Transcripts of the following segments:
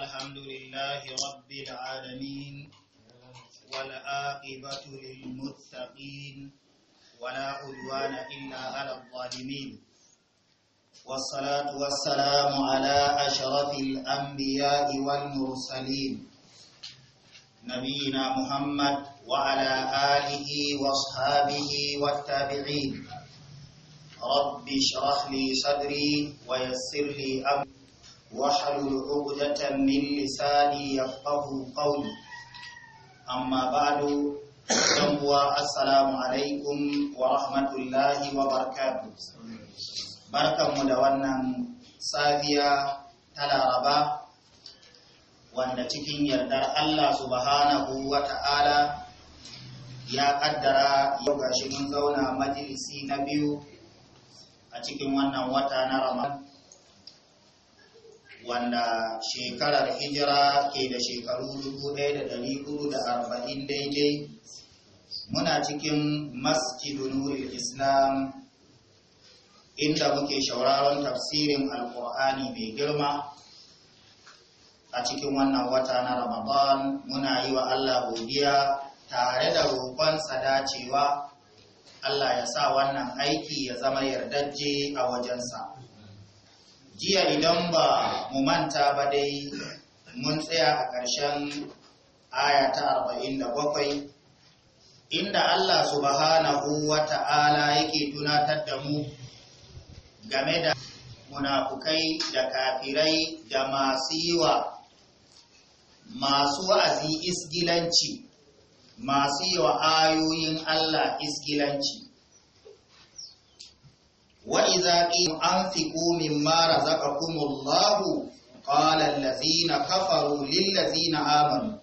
الحمد لله رب العالمين والعاقبة للمتقين ولا عدوان إلا على الظالمين والصلاة والسلام على أشرف الأنبياء والمرسلين نبينا محمد وعلى آله وصحابه والتابعين رب اشرح لي صدري ويسر لي أمري واحلل عقدة من لساني يفقه قولي أما بعد 'Assalamu السلام عليكم rahmatullahi الله وبركاته barkanmu da wannan safiya ta laraba wanda cikin yardar Allah subhanahu wa ya kaddara yau gashi mun zauna majlisi na biyu a cikin wannan wata na ramadan wanda shekarar hijira ke da shekaru dubu ɗaya da da arba'in daidai muna cikin masjidun nuril islam inda muke shauraron tafsirin alkur'ani mai girma a cikin wannan wata na ramadan muna yi wa allah godiya tare da roƙonsa dacewa allah ya sa wannan aiki ya zama yardajje a wajensa jiya idan ba mu manta ba dai mun tsaya a ƙarshen aya ta arba'in da bakwai inda Allah subhanahu wa wata'ala yake tunatar da mu game da munafukai da kafirai da masu wa masu wa'azi isgilanci masu wa ayoyin Allah isgilanci وَإِذَا idza qim مِمَّا رَزَقَكُمُ اللَّهُ قَالَ الَّذِينَ كَفَرُوا لِلَّذِينَ آمَنُوا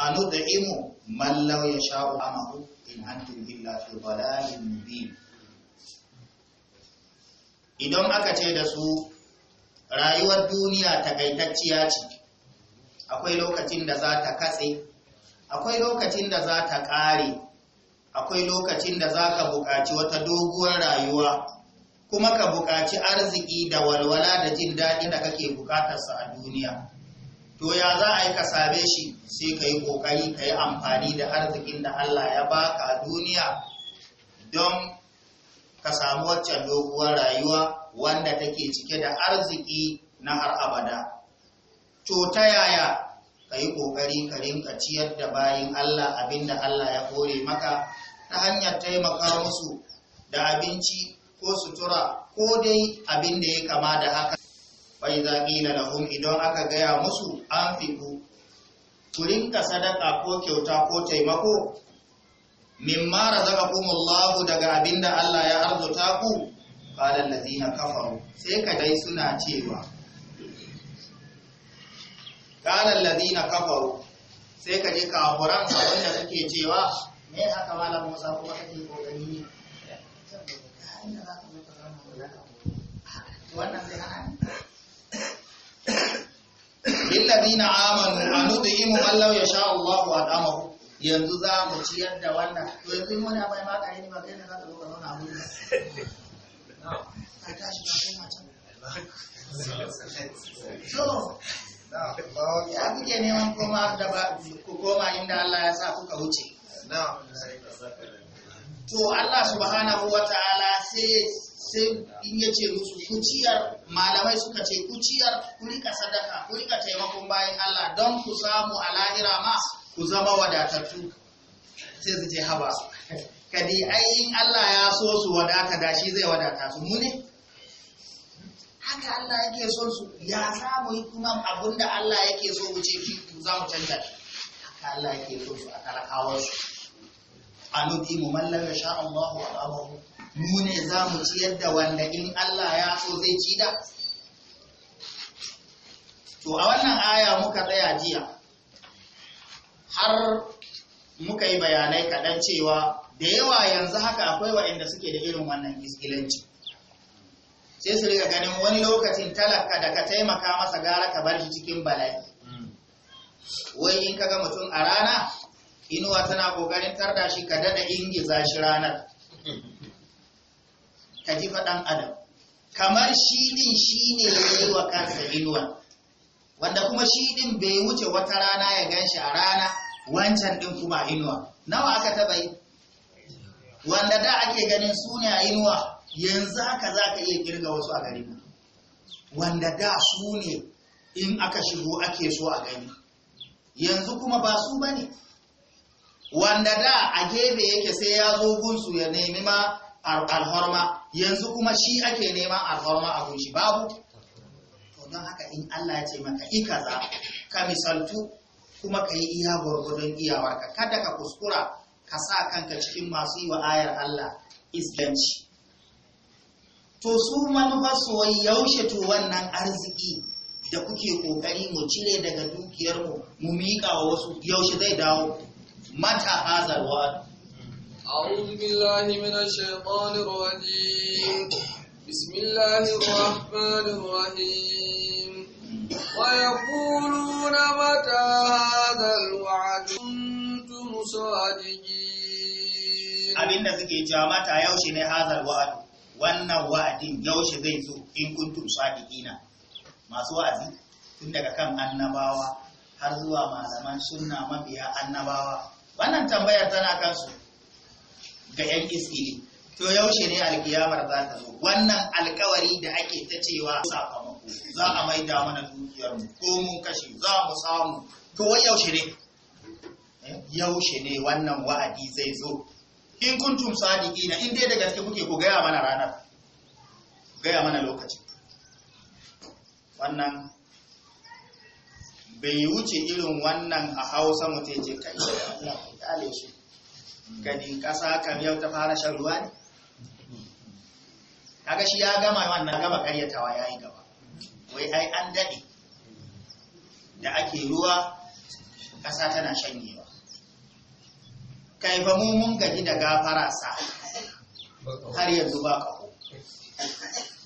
anud'imu man law يَشَاءُ amahu إِنْ antum إِلَّا فِي dhalalin mubin idan aka ce da su rayuwar duniya takaitacciya ce akwai lokacin da za ta katse akwai lokacin da za ta ƙare akwai lokacin da za ka buƙaci wata doguwar rayuwa kuma ka buƙaci arziki da walwala da jin daɗi da kake buƙatarsa a duniya to ya za a yi ka same shi sai ka yi ƙoƙari ka yi amfani da arzikin da Allah ya baka a duniya don ka samu waccan doguwar rayuwa wanda take cike da arziki na har abada to ta yaya ka yi ƙoƙari ka rinka ciyar da bayin Allah abinda Allah ya kore maka ta hanyar taimaka musu da abinci ko sutura ko dai abin da ya kama da haka bai za ƙila hun idan aka gaya musu an fiku ku rinka sadaka ko kyauta ko taimako Min mara mimma razaqakumullahu daga abin da Allah ya arzuta ku qala zina kafaru sai ka dai suna cewa qala zina kafaru sai ka ji kafuran abin da suke cewa me aka malam Musa kuma kake ko wannan zai hana ni lillazina amanu anudimu man law yasha Allah wa adamahu yanzu za mu ciyar da wannan to yanzu in wani abai maka yi maka yana za ka zo ka zauna a wurin ka tashi ka koma can so ya kuke neman koma da ba ku koma inda Allah ya sa kuka wuce to Allah subhanahu wa ta'ala sai sai in ya ce musu kuciyar malamai suka ce kuciyar ku rika sadaka ku rika taimakon bayan Allah don ku samu a lahira ma ku zama wadatattu sai su ce haba kadi ayin Allah ya so su wadata da shi zai wadata su mu haka Allah yake so su ya samu yi kuma da Allah yake so mu ce ki za mu canza haka Allah yake so su a su a nuti mu mallaka sha Allah wa mu ne za mu ciyar da wanda in Allah ya so zai ci da to a wannan aya muka tsaya jiya har muka yi bayanai kaɗan cewa da yawa yanzu haka akwai waɗanda suke da irin wannan iskilanci sai su riga ganin wani lokacin talaka da ka taimaka masa gara ka bar shi cikin bala'i wai in ka ga mutum a rana inuwa tana ƙoƙarin tarda shi ka daɗa ingiza shi ranar ka ji faɗan adam kamar shi shi ne ya yi wa kansa inuwa wanda kuma shi bai wuce wata rana ya gan shi a rana wancan ɗin kuma inuwa nawa aka taɓa yi wanda da ake ganin su ne a inuwa yanzu haka za ka iya kirga wasu a gari wanda da su ne in aka shigo ake so a gani yanzu kuma ba su ba ne wanda da a gebe yake sai ya zo gunsu ya nemi ma alhorma yanzu kuma shi ake neman alhorma a gunshi babu to don haka in Allah ya ce maka za ka misaltu kuma ka yi iya gwargwadon iyawarka kada ka kuskura ka sa kanka cikin masu yi wa ayar Allah islanci to su manufar wai yaushe to wannan arziki da kuke kokari mu cire daga dukiyarmu mu miƙa wa wasu yaushe zai dawo mata hazar wa'adu أعوذ بالله من الشيطان الرجيم بسم الله الرحمن الرحيم ويقولون متى هذا الوعد كنتم صادقين أبين تسكي جامعة يوشي هذا الوعد wannan wa'adin yaushe zai zo in kuntum sadiqina masu wa'azi tun daga kan annabawa har zuwa malaman sunna mabiya annabawa wannan tambayar tana kansu ga yan iskili to yaushe ne alkiyamar za ta zo wannan alkawari da ake ta cewa sakamako za a maida mana dukiyar mu ko mun kashe za mu samu to wai yaushe ne eh, yaushe ne wannan wa'adi zai zo in kuntum sadiqina in dai da gaske kuke ku gaya mana ranar gaya mana lokaci? wannan bai wuce irin wannan a hausa mutum ce kai Allah ya kale shi gani ƙasa kam yau ta fara shan ruwa ne kaga shi ya gama wannan gama karyatawa yayi gaba wai ai an dade da ake ruwa ƙasa tana shanyewa kai fa mu mun gaji da gafara sa har yanzu ba ka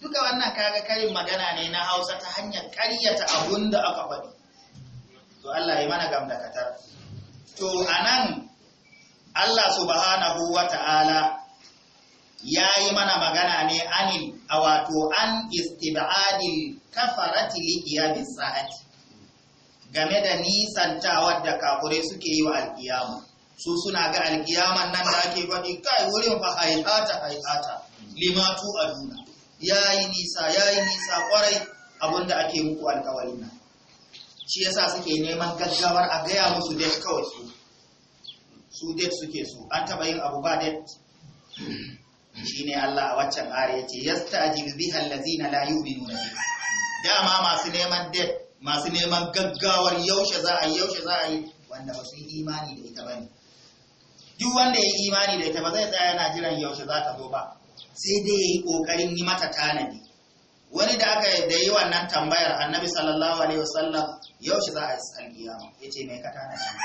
duka wannan kaga karin magana ne na Hausa ta hanyar karyata abun da aka faɗi to Allah ya mana gamdakatar to anan Allah subhanahu wa ta'ala ya yi mana magana ne anil a wato an istibadil kafarati liƙiyamin sa'ati game da nisantawar wadda kafure suke yi wa alkiyama su suna ga alkiyaman nan da ake faɗi kai wurin fa haihata haihata limatu aduna ya yi nisa ya yi nisa kwarai abinda ake muku alƙawarin nan shi yasa suke neman gaggawar a gaya musu dai kawai su date suke su an taba yin abu ba Shi shine Allah a waccan ayar yace yasta'jilu biha allazina la yu'minuna dama masu neman date masu neman gaggawar yaushe za a yi yaushe za a yi wanda ba su yi imani da ita bane duk wanda ya yi imani da ita ba zai tsaya yana jiran yaushe za ta zo ba sai dai ya yi kokarin yi mata tanadi wani da aka da yi wannan tambayar annabi sallallahu alaihi wasallam yaushe za a yi Ya ce me ka tanadi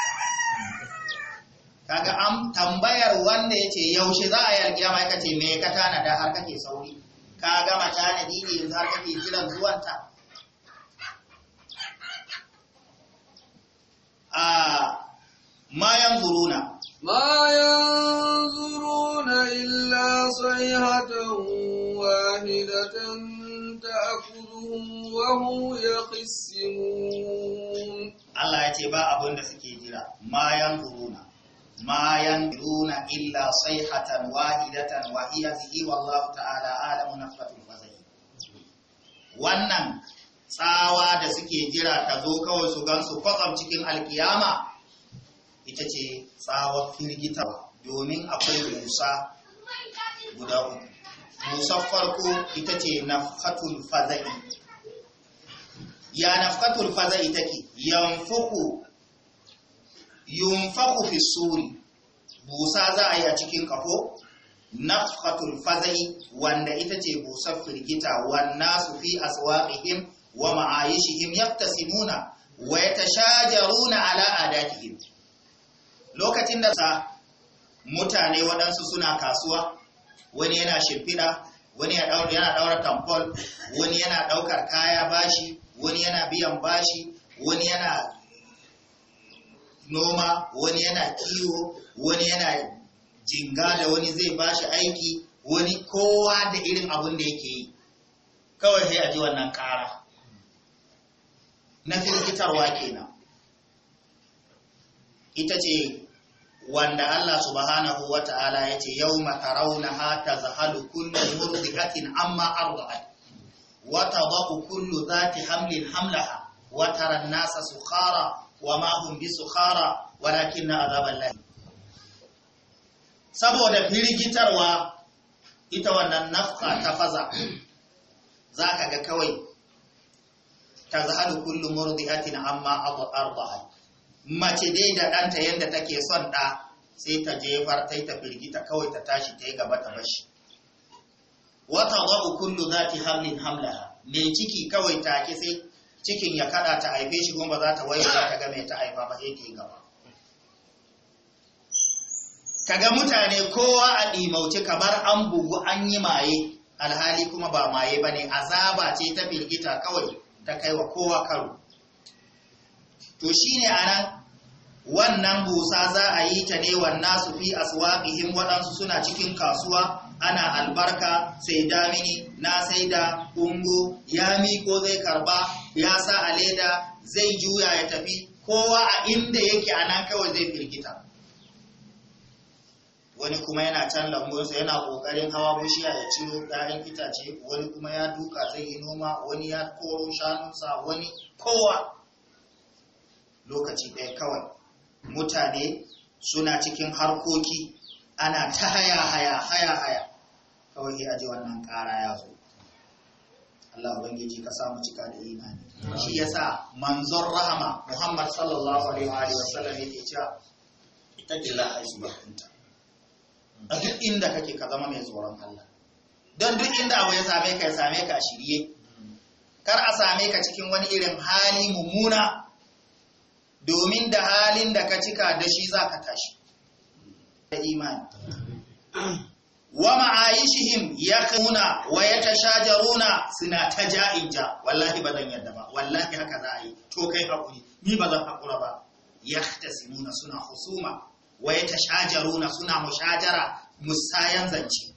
kaga an tambayar wanda ya ce yaushe za a yi alƙiyama yake me ka tanada har kake sauri ka gama tanadi ne yanzu har kake jiran zuwan ta a ma yanzuruna ma yanzuruna illa sayhatan wahidatan ta'khuduhum wa hum yaqsimun Allah ya ce ba abin da suke jira ma yanzuruna ma yanzuruna illa sayhatan wahidatan wa hiya bihi wallahu ta'ala alamu nafsatul fazai wannan tsawa da suke jira ta zo kawai su gansu kwatsam cikin alkiyama ita ce tsawa, firgita, domin akwai rusa guda uku farko ita ce nafhatul fazai ya nafhatul fazai take yanfuku yunfaku fi suri busa za a yi a cikin kafo fatul fazai wanda ita ce busar firgita wanda su fi aswaqihim wa ma'ayishihim ta wa jaruna ala adatihim lokacin da sa mutane waɗansu suna kasuwa wani yana shimfiɗa wani yana ɗaura tamfol wani yana ɗaukar kaya bashi wani yana biyan bashi wani yana noma wani yana kiwo wani yana jinga da wani zai ba shi aiki wani kowa da irin abin da yake yi kawai sai a ji wannan ƙara na firgitarwa kenan ita ce wanda Allah subhanahu wa ta'ala ya ce yau matarauna ha ta zahalu kullu murdikatin amma arba'at Wata babu kullu zati hamlin hamlaha wata ran nasa sukhara wa ma hum bisukhara walakinna azaballahi saboda firgitarwa ita wannan nafqa ta faza za ga kawai ta zahalu kullu murdiatin amma abu arbaha mace dai da ɗanta yadda take son da sai ta jefar ta yi ta firgita kawai ta tashi ta gaba ta bashi wata za'u kullu zati hamlin hamlaha mai ciki kawai take sai cikin ya kada ta haife shi kuma ba za ta waye ta ga mai ta haifa ba sai ta yi gaba kaga mutane kowa a ɗimauci kamar an bugu an yi maye alhali kuma ba maye ba ne azaba ce ta firgita kawai ta kai wa kowa karo to shine ne wannan busa za a yi ta ne wannan su fi aswaƙihim waɗansu suna cikin kasuwa ana albarka sai damini na sai da ungo ya miko zai karba ya sa a leda zai juya ya tafi kowa a inda yake ana kawai zai firgita wani kuma yana can lambunsa yana kokarin hawa bishiya ya ciro ita itace wani kuma ya duka zai yi noma wani ya koro shanunsa wani kowa lokaci ɗaya kawai mutane suna cikin harkoki ana ta haya haya haya haya kawai sai a wannan ƙara ya zo Allah ubangiji ka samu cika da imani shi yasa manzon rahama Muhammad sallallahu alaihi wa sallam yake cewa ita ce la aisbahinta a duk inda kake ka zama mai tsoron Allah don duk inda abu ya same ka ya same ka shirye kar a same ka cikin wani irin hali mummuna domin da halin da ka cika da shi za ka tashi da imani wa ma'aishihim yakuna wa yatashajaruna suna ta wallahi ba yadda ba wallahi haka za a yi to kai hakuri ni ba zan hakura ba yahtasimuna suna husuma wa yatashajaruna suna mushajara musayan zance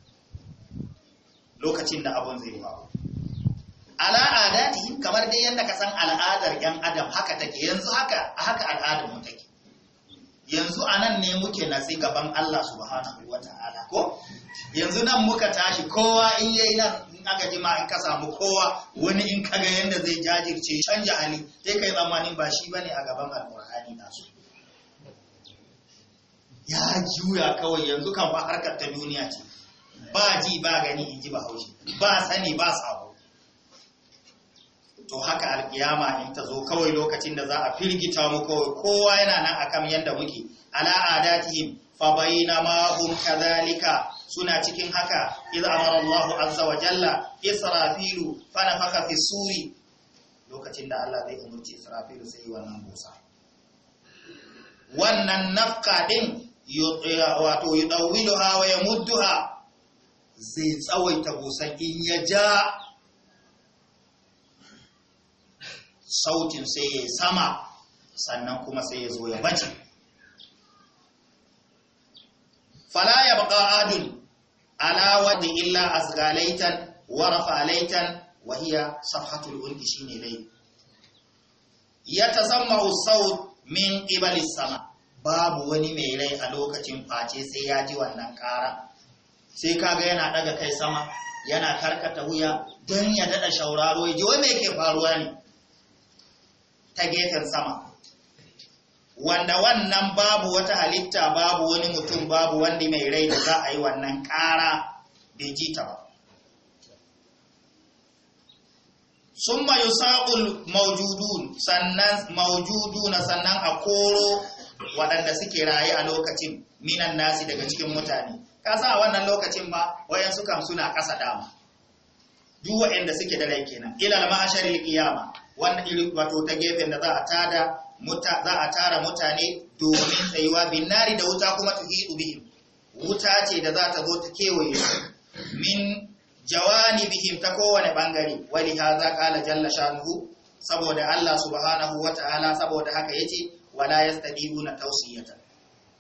lokacin da abun zai ba ala adatihim kamar dai yadda ka san al'adar yan adam haka take yanzu haka haka al'adar mu take yanzu anan ne muke nasi gaban Allah subhanahu wataala ko yanzu nan muka tashi kowa in yayi nan in aka jima in ka samu kowa wani in kaga yanda zai jajirce canja hali sai kai tsammanin ba shi bane a gaban alqur'ani na su ya juya kawai yanzu kan ba harkar ta duniya ce ba ji ba gani in ji ba haushi ba sani ba sabo to haka alkiyama in ta zo kawai lokacin da za a firgita mu kawai kowa yana nan akan yadda muke ala adatihim fa bayyana ma hum kadhalika suna cikin haka idza amara Allah azza wa jalla israfilu fanafaka fi suri lokacin da Allah zai umurci israfilu sai wannan busa wannan nafka din wato yudawiluha wa yamudduha zai tsawaita busa in ya ja sautin sai ya sama sannan kuma sai ya zo ya bace fala ya baka adun ala wadi illa asgalaitan wa rafalaitan wa hiya safhatul ulki shine lai yatazammu sawt min qibali sama babu wani mai rai a lokacin face sai ya ji wannan kara sai kaga yana daga kai sama yana karkata wuya don ya dada shauraro ya ji wai me ke faruwa ne ta gefen sama wanda wannan babu wata halitta babu wani mutum babu wanda mai rai da za a yi wannan ƙara bai ji ta ba summa yusaqul mawjudun sannan sannan a koro waɗanda suke raye a lokacin minan nasi daga cikin mutane kasa a wannan lokacin ba wayan sukan suna ƙasa dama Duwa inda suke da rai kenan ilal ma'asharil qiyama wannan wato ta gefen da za a tada za a tara mutane domin tsayuwa binnari da wuta kuma ta hidu bihim wuta ce da za ta zo ta kewaye su min jawani bihim ta kowane bangare Wani ha za kala jalla shanuhu saboda Allah subhanahu wata'ala saboda haka yace wala na tausiyata.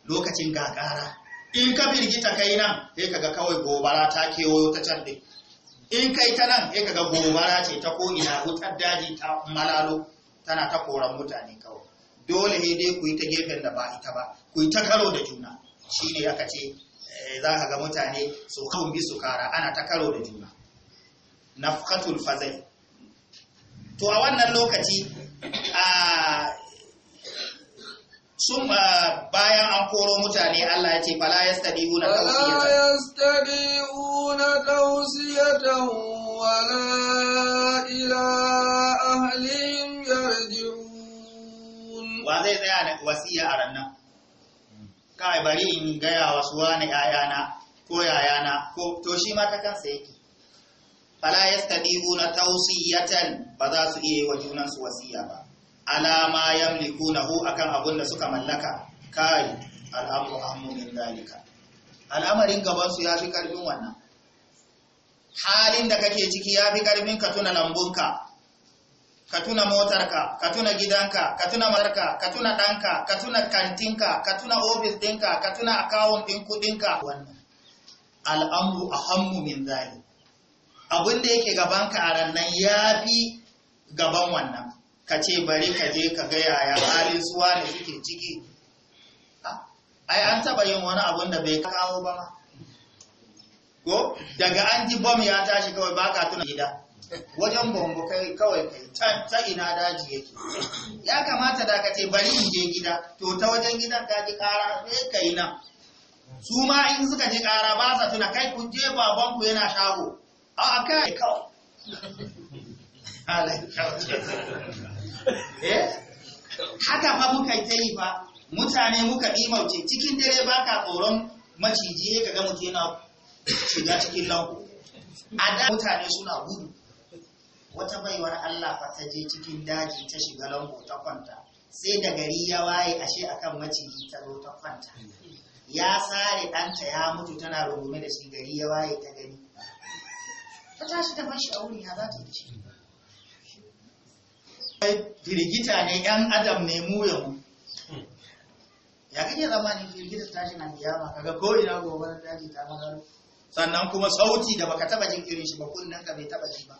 lokacin gagara in ka firgita kai nan sai kaga kawai gobara ta kewayo ta can in kai ta nan sai kaga gobara ce ta ko ina wutar daji ta malalo tana ta koran mutane kawai dole ne dai ku yi ta gefen da ba ita ba ku yi ta karo da juna shi ne aka ce eh, za ka ga mutane su kan bi su kara ana ta karo da juna na fukatul fazai to a wannan lokaci a sun bayan an koro mutane Allah ya ce fala ya stadi una yastadiuna wala ila Ba zai tsaya da wasiya a rannan kai bari in gaya suwa ne ayana ko yayana ko to shi ma ta kansa yake fala na tawsiyatan ba za su iya wa junan su wasiya ba alama yamlikunahu akan abun da suka mallaka kai al'amru ahmu min dalika al'amarin gaban su yafi karfin wannan halin da kake ciki yafi karfin ka tuna lambunka ka tuna motarka ka tuna gidanka ka tuna mazarka, ka tuna ɗanka ka tuna kantinka ka tuna ofis ɗinka ka tuna akawun ɗin kuɗinka wannan al'amru ahammu min zali abin da yake gabanka a rannan ya fi gaban wannan ka ce bari ka je ka ga yaya halin suwa ne suke ciki ai an taba yin wani abun da bai kawo ba ko daga an ji bom ya tashi kawai baka tuna gida wajen bongo kai kawai kai ta ina daji yake ya kamata da ka ce bari in je gida to ta wajen gidan ka ji kara sai kai na. su ma in suka ji kara ba sa tuna kai kun je baban ku yana shago a kai kawai eh? haka fa muka yi fa mutane muka ɗimauce cikin dare ba ka tsoron maciji ka ga mutum yana shiga cikin lanku a da mutane suna gudu wata baiwar Allah fa ta je cikin daji ta shiga lambu ta kwanta sai da gari ya waye ashe akan maciji ta zo ta kwanta ya sare ɗanta ya mutu tana rungume da shi gari ya waye ta gani ta tashi ta bashi a wuri ya za ta yi firgita ne yan adam ne mu ya mu ya kake zamanin firgita shi na kiyama kaga ko ina gobe daji ta magaro sannan kuma sauti da baka taba jin irin shi ba kullun ka bai taba shi ba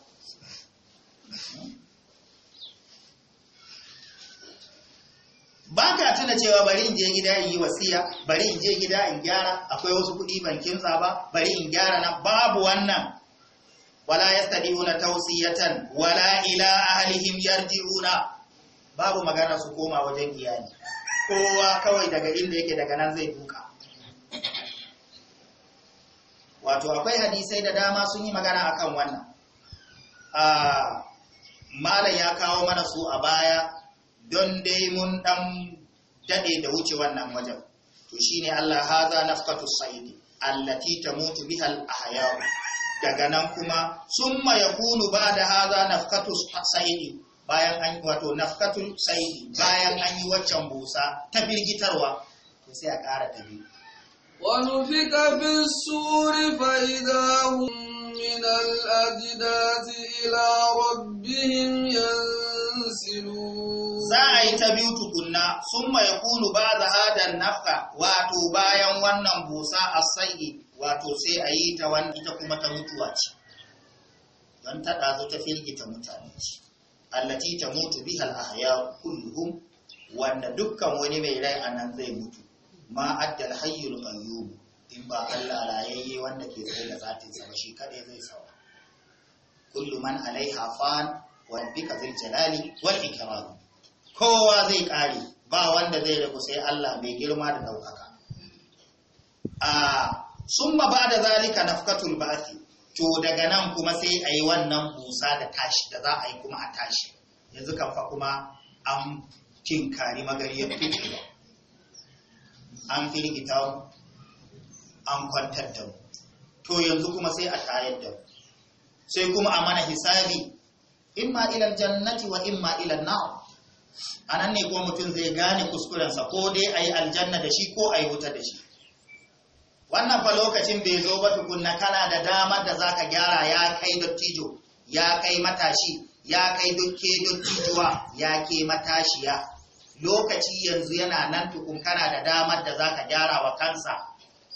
ba ta tuna cewa bari in je gida in yi wasiya bari in je gida in gyara akwai wasu kuɗi ban kinsa ba bari in gyara na babu wannan wala yastadiuna tausiyatan wala ila ahlihim yarji'una babu magana su koma wajen iyali kowa kawai daga inda yake daga nan zai duka wato akwai hadisai da dama sun yi magana akan wannan ah, malam ya kawo mana su a baya don dai mun dan dade da wuce wannan wajen to shine Allah haza nafqatu sa'id allati tamutu biha al-ahya daga nan kuma summa yakunu ba'da haza nafqatu sa'id bayan an wato nafqatu sa'id bayan an yi waccan busa ta birgitarwa to sai a ƙara ta biyu wa nufika bis suri fa idahum من الأجداث إلى ربهم ينسلون za a yi ta biyu tukunna sun mai kulu ba da hadan nafka wato bayan wannan busa a sai wato sai a yi ta wani ita kuma ta mutuwa ce don ta ta firgita mutane ce ta mutu bihal ahya kulluhum wanda dukkan wani mai rai a nan zai mutu ma addal hayyul in ba Allah rayayye wanda ke tsaye da zatinsa ba shi kaɗai zai sawa kullu man alaiha fan wa bika zil jalali wal ikram kowa zai kare ba wanda zai rabu sai Allah mai girma da daukaka a summa ba'da zalika nafkatul ba'thi to daga nan kuma sai ayi wannan musa da tashi da za a yi kuma a tashi yanzu kan fa kuma an tinkari magariyar fitila an firgita an kwantar da mu to yanzu kuma sai a tayar da mu sai kuma a mana hisabi imma ila aljannati wa imma ila nar anan ne ko mutum zai gane kuskurensa ko dai ayi aljanna da shi ko ayi wuta da shi wannan fa lokacin bai zo ba tukunna kana da damar da zaka gyara ya kai dottijo ya kai matashi ya kai dukke dottijuwa ya ke matashiya lokaci yanzu yana nan tukun kana da damar da zaka gyara wa kansa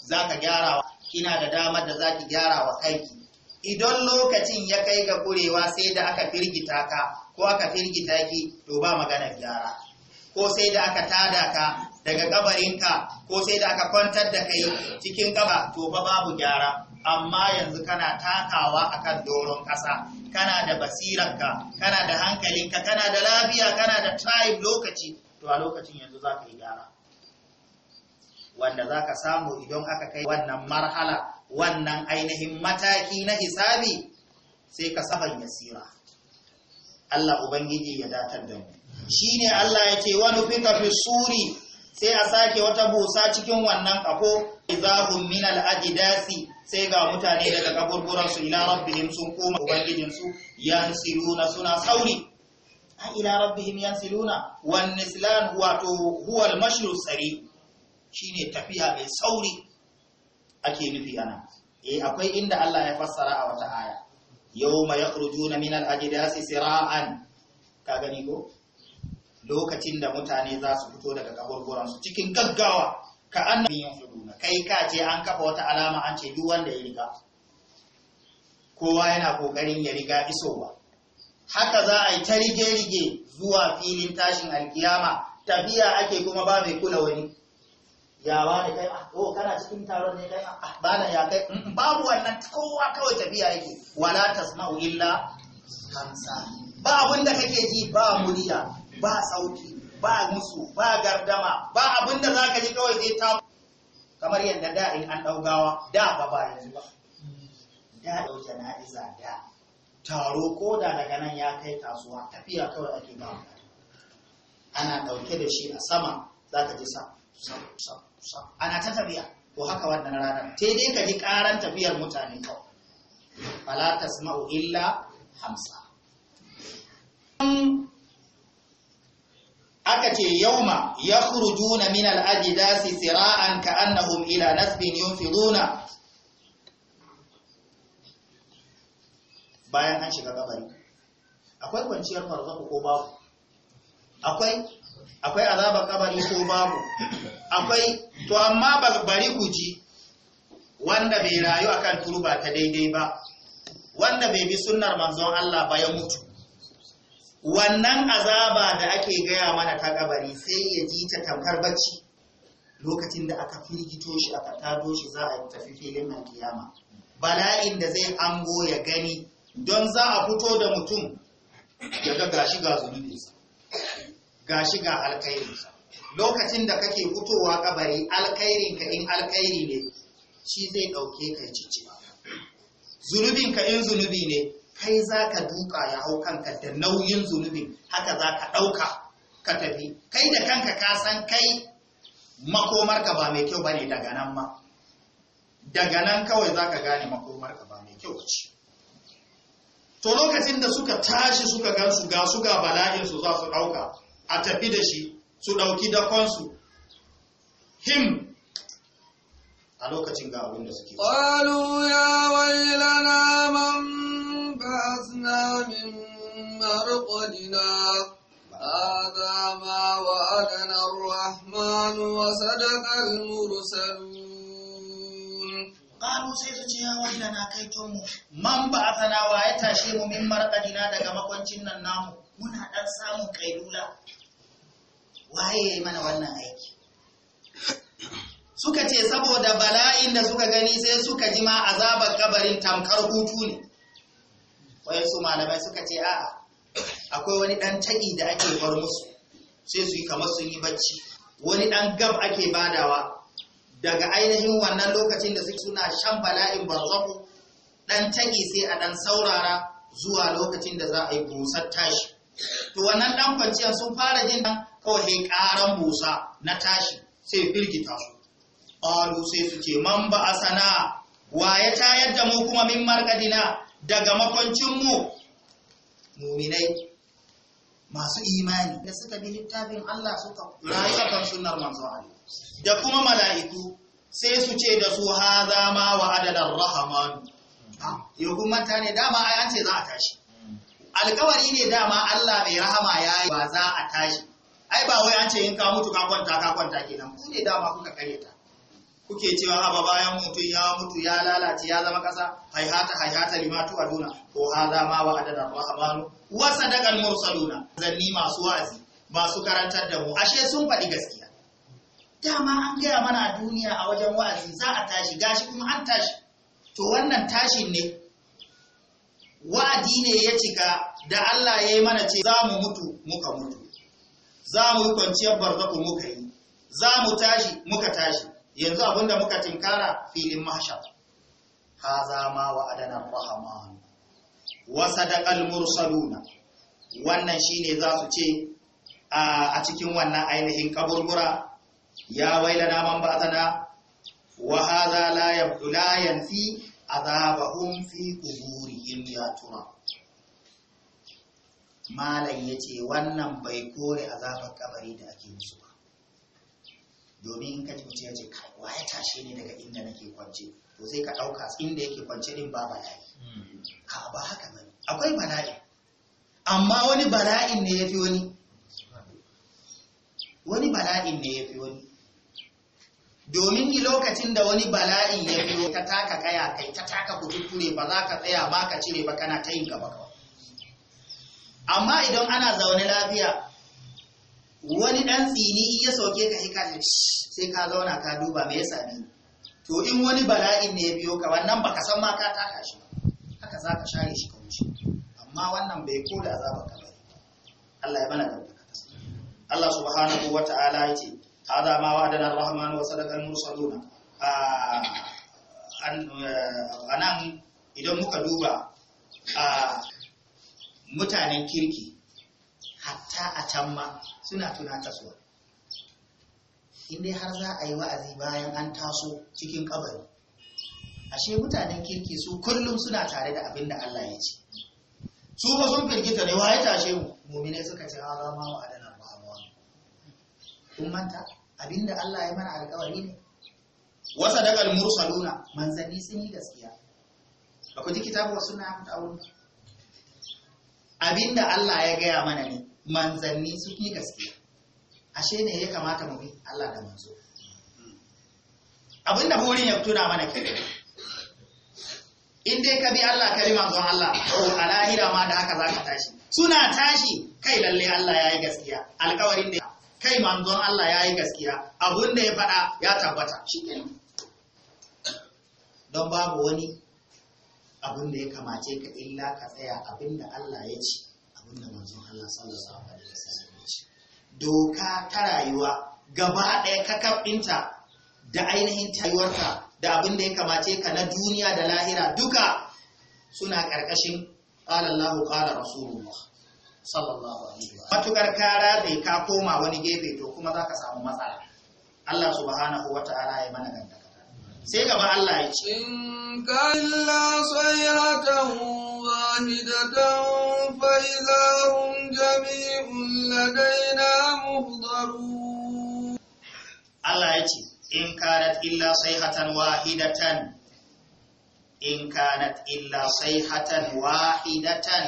za ka gyara wa kina da damar da za ki gyara wa kanki idan lokacin ya kai ga kurewa sai da aka firgita ka ko aka firgita ki to ba maganar gyara ko sai da aka tada ka daga kabarinka ko sai da aka kwantar da kai cikin kaba to ba babu gyara amma yanzu kana takawa akan doron ƙasa kana da basiranka kana da hankalinka kana da lafiya kana da tribe lokaci to a lokacin yanzu za ka yi wanda za ka samu idan aka kai wannan marhala wannan ainihin mataki na hisabi sai ka saban yasira Allah Ubangiji ya datar da mu shi ne Allah ya ce wani fita fi suri sai a sake wata busa cikin wannan kafo izahun min al'ajidasi sai ga mutane daga su ila rabbihim sun koma ubangijinsu yansiluna suna sauri a ila rabbihim yansiluna wan nislan wato huwal mashru sari shine tafiya mai sauri ake nufi ana eh akwai inda Allah ya fassara a wata aya yawma yakhrujuna min al-ajdasi sira'an ka gani ko lokacin da mutane za su fito daga kaburburan su cikin gaggawa ka annabi yanfuduna kai ka ce an kafa wata alama an ce duk wanda ya riga kowa yana kokarin ya riga isowa haka za a yi ta rige-rige zuwa filin tashin alkiyama tafiya ake kuma ba mai kula wani yawa ne kai ah oh kana cikin taron ne kai ah bana ya kai mm, mm, babu wannan kowa kawai tafiya yake wala tasma'u illa hamsa ba abin da kake ji ba murya ba sauki ba musu ba gardama ba abin da zaka ji kawai zai ta kamar yadda da in an daugawa da ba ba yanzu ba da dau jana'iza da taro ko da daga nan ya kai kasuwa tafiya kawai ake ba ana dauke da shi a sama zaka ji sa sa ana ta tafiya ko haka wannan ranar sai dai ka ji karan tafiyar mutane kawai fala tasma'u illa hamsa aka ce yauma ya na min al-ajdasi sira'an ka'annahum ila nasbin yunfiduna bayan an shiga kabari akwai kwanciyar farzaku ko babu akwai akwai azabar kabari ko babu akwai to amma bari ku ji wanda bai rayu akan turuba ta daidai ba wanda bai bi sunnar manzon Allah ba ya mutu wannan azaba da ake gaya mana ta kabari sai ya ji ta tamkar bacci lokacin da aka firgito shi aka tado shi za a tafi filin nan kiyama bala'in da zai ango ya gani don za a fito da mutum ya ga gashi ga sa gashi ga alkhairinsa lokacin da kake fitowa kabari alkhairinka in alkhairi ne shi zai ɗauke ka cici ka in zunubi ne kai za ka duka ya hau kanka da nauyin zunubin haka za ka ɗauka ka tafi kai da kanka ka san kai makomarka ba mai kyau ba ne daga nan ma daga nan kawai za ka gane makomarka ba mai kyau ce to lokacin da suka tashi suka gansu ga su ga bala'insu za su ɗauka a tafi da shi su ɗauki dakonsu him a lokacin ga abin da suke su ƙwalu ya wai lanaman ba suna min marƙwadina a za ma wa adanar rahmanu wa sadakar murusalun ƙwalu sai su ce ya wai lana kai tunmu man ba a sana ya tashe mu min marƙwadina daga makwancin nan namu muna ɗan samun kailula waye yayi mana wannan aiki suka ce saboda bala'in da suka gani sai suka ji ma azabar kabarin tamkar hutu ne Waye su malamai suka ce a'a akwai wani ɗan taƙi da ake bar musu sai su yi kamar sun yi bacci wani ɗan gab ake badawa daga ainihin wannan lokacin da suke suna shan bala'in barzaku ɗan taƙi sai a ɗan saurara zuwa lokacin da za a yi busar tashi to wannan dan kwanciyar sun fara jin nan kawai sai ƙaran busa na tashi sai firgita su Alu sai su ce man ba a wa ya tayar da mu kuma min markadina daga mu? muminai masu imani da suka bi littafin Allah suka rayuwa kan sunnar manzo Ali da kuma mala'iku sai su ce da su haza ma wa adalar ha yau kuma ne dama ai an ce za a tashi alkawari ne dama Allah mai rahama ya yi ba za a tashi ai ba wai an ce in ka mutu ka kwanta ka kwanta kenan ku ne dama kuka karyata kuke cewa haba bayan mutum ya mutu ya lalace ya zama kasa hai hata limatu aduna ko hadha ma wa adana rahmanu wa sadaqal mursaluna zanni masu wazi masu karantar da mu ashe sun faɗi gaskiya dama an gaya mana a duniya a wajen wa'azi za a tashi gashi kuma an tashi to wannan tashin ne wa'adi ne ya cika da Allah ya yi mana ce za mu mutu muka mutu za mu yi kwanciyar barzaku muka yi za mu tashi muka tashi yanzu abinda muka tinkara filin ha za ma wa'adana rahman wa sadaqal mursaluna wannan shi ne za su ce a cikin wannan ainihin kaburbura ya wailana man ba'athana wa hadha la yabdu azabahum fi qubur ya tuma malam ya ce wannan bai kore a zafin kabari da ake musu ba domin in ka ji ya ce wa ya tashe ne daga inda nake kwance to sai ka ɗauka inda yake kwance din ba bala'i ka ba haka bane akwai bala'i amma wani bala'in ne ya fi wani wani bala'in ne ya fi wani domin ni lokacin da wani bala'i ya biyo ta taka kaya kai ta taka kutukure ba za ka tsaya ba ka cire ba kana ta yin gaba kawai amma idan ana zaune lafiya wani dan tsini ya sauke ka shi ka sai ka zauna ka duba me ya sami to in wani bala'in ne ya biyo ka wannan baka san ma ka taka shi haka za ka share shi ka wuce amma wannan bai koda azaba ka ba. Allah ya mana gaba Allah subhanahu wata'ala ce. هذا ما وعدنا الرحمن وصدق المرسلون a nan idan muka duba a mutanen kirki hatta a can ma suna tunatarwa inda har za a yi wa'azi bayan an taso cikin kabari ashe mutanen kirki su kullum suna tare da abin da Allah ya ce su ba sun firgita ne wa ya tashe mu mumine suka ce ha ma wa'ada kun manta abinda Allah ya mana alƙawari ne wa al mursaluna manzanni sun yi gaskiya ba ku ji kitabu wasu na ta awun abinda Allah ya gaya mana ne manzanni sun yi gaskiya ashe ne ya kamata mu bi Allah da manzo abinda burin ya tuna mana ke in dai ka bi Allah ka bi manzon Allah to a lahira ma da haka zaka tashi suna tashi kai lalle Allah ya yi gaskiya alƙawarin da kai manzon Allah ya yi gaskiya abun da ya faɗa ya tabbata shi don babu wani abun da ya kamace ka illa ka tsaya abin da Allah ya ce abin da manzon Allah sallallahu alaihi wasallam ya ce doka ta rayuwa gaba ɗaya kafinta da ainihin tayuwarka da abin da ya kamace ka na duniya da lahira duka suna ƙarƙashin qala Allahu qala Rasulullah matukar kara bai ka koma wani gefe to kuma za ka samu matsala Allah subhanahu wa ta'ala ya mana ganda sai gaba Allah ya ce in ka kalla sayatan wahidatan fa idahum jami'un ladaina muhdaru Allah ya ce in kanat illa sayhatan wahidatan in kanat illa sayhatan wahidatan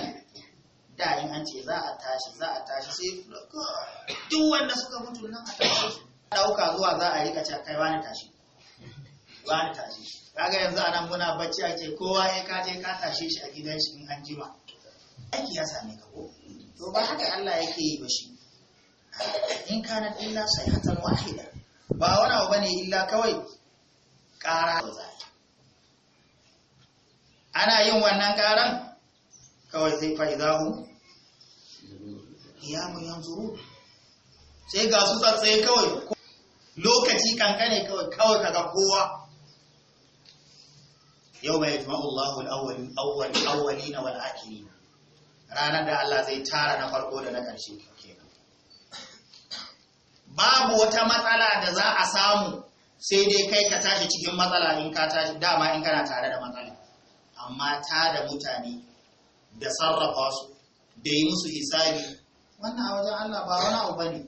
da in an ce za a tashi za a tashi sai duk wanda suka mutu nan a tashi dauka zuwa za a rika cewa kai wani tashi wani tashi kaga yanzu anan muna bacci ake kowa ya ka je ka tashi shi a gidan shi in an jima aiki ya same ka ko to ba haka Allah yake yi ba shi in kana illa sayhatan wahida ba wani abu bane illa kawai ƙara ana yin wannan karan kawai sai fa'idahu kiyamun yanzuru sai ga su tsatsaye kawai lokaci kankane kawai kawai kaga kowa yau mai Allahu Allahul awwalin awwalin wal akhirin ranar da Allah zai tara na farko da na ƙarshe kenan babu wata matsala da za a samu sai dai kai ka tashi cikin matsala in ka tashi dama in kana tare da matsala amma ta da mutane da sarrafa su da yi musu hisabi wannan a wajen Allah ba wani abu bane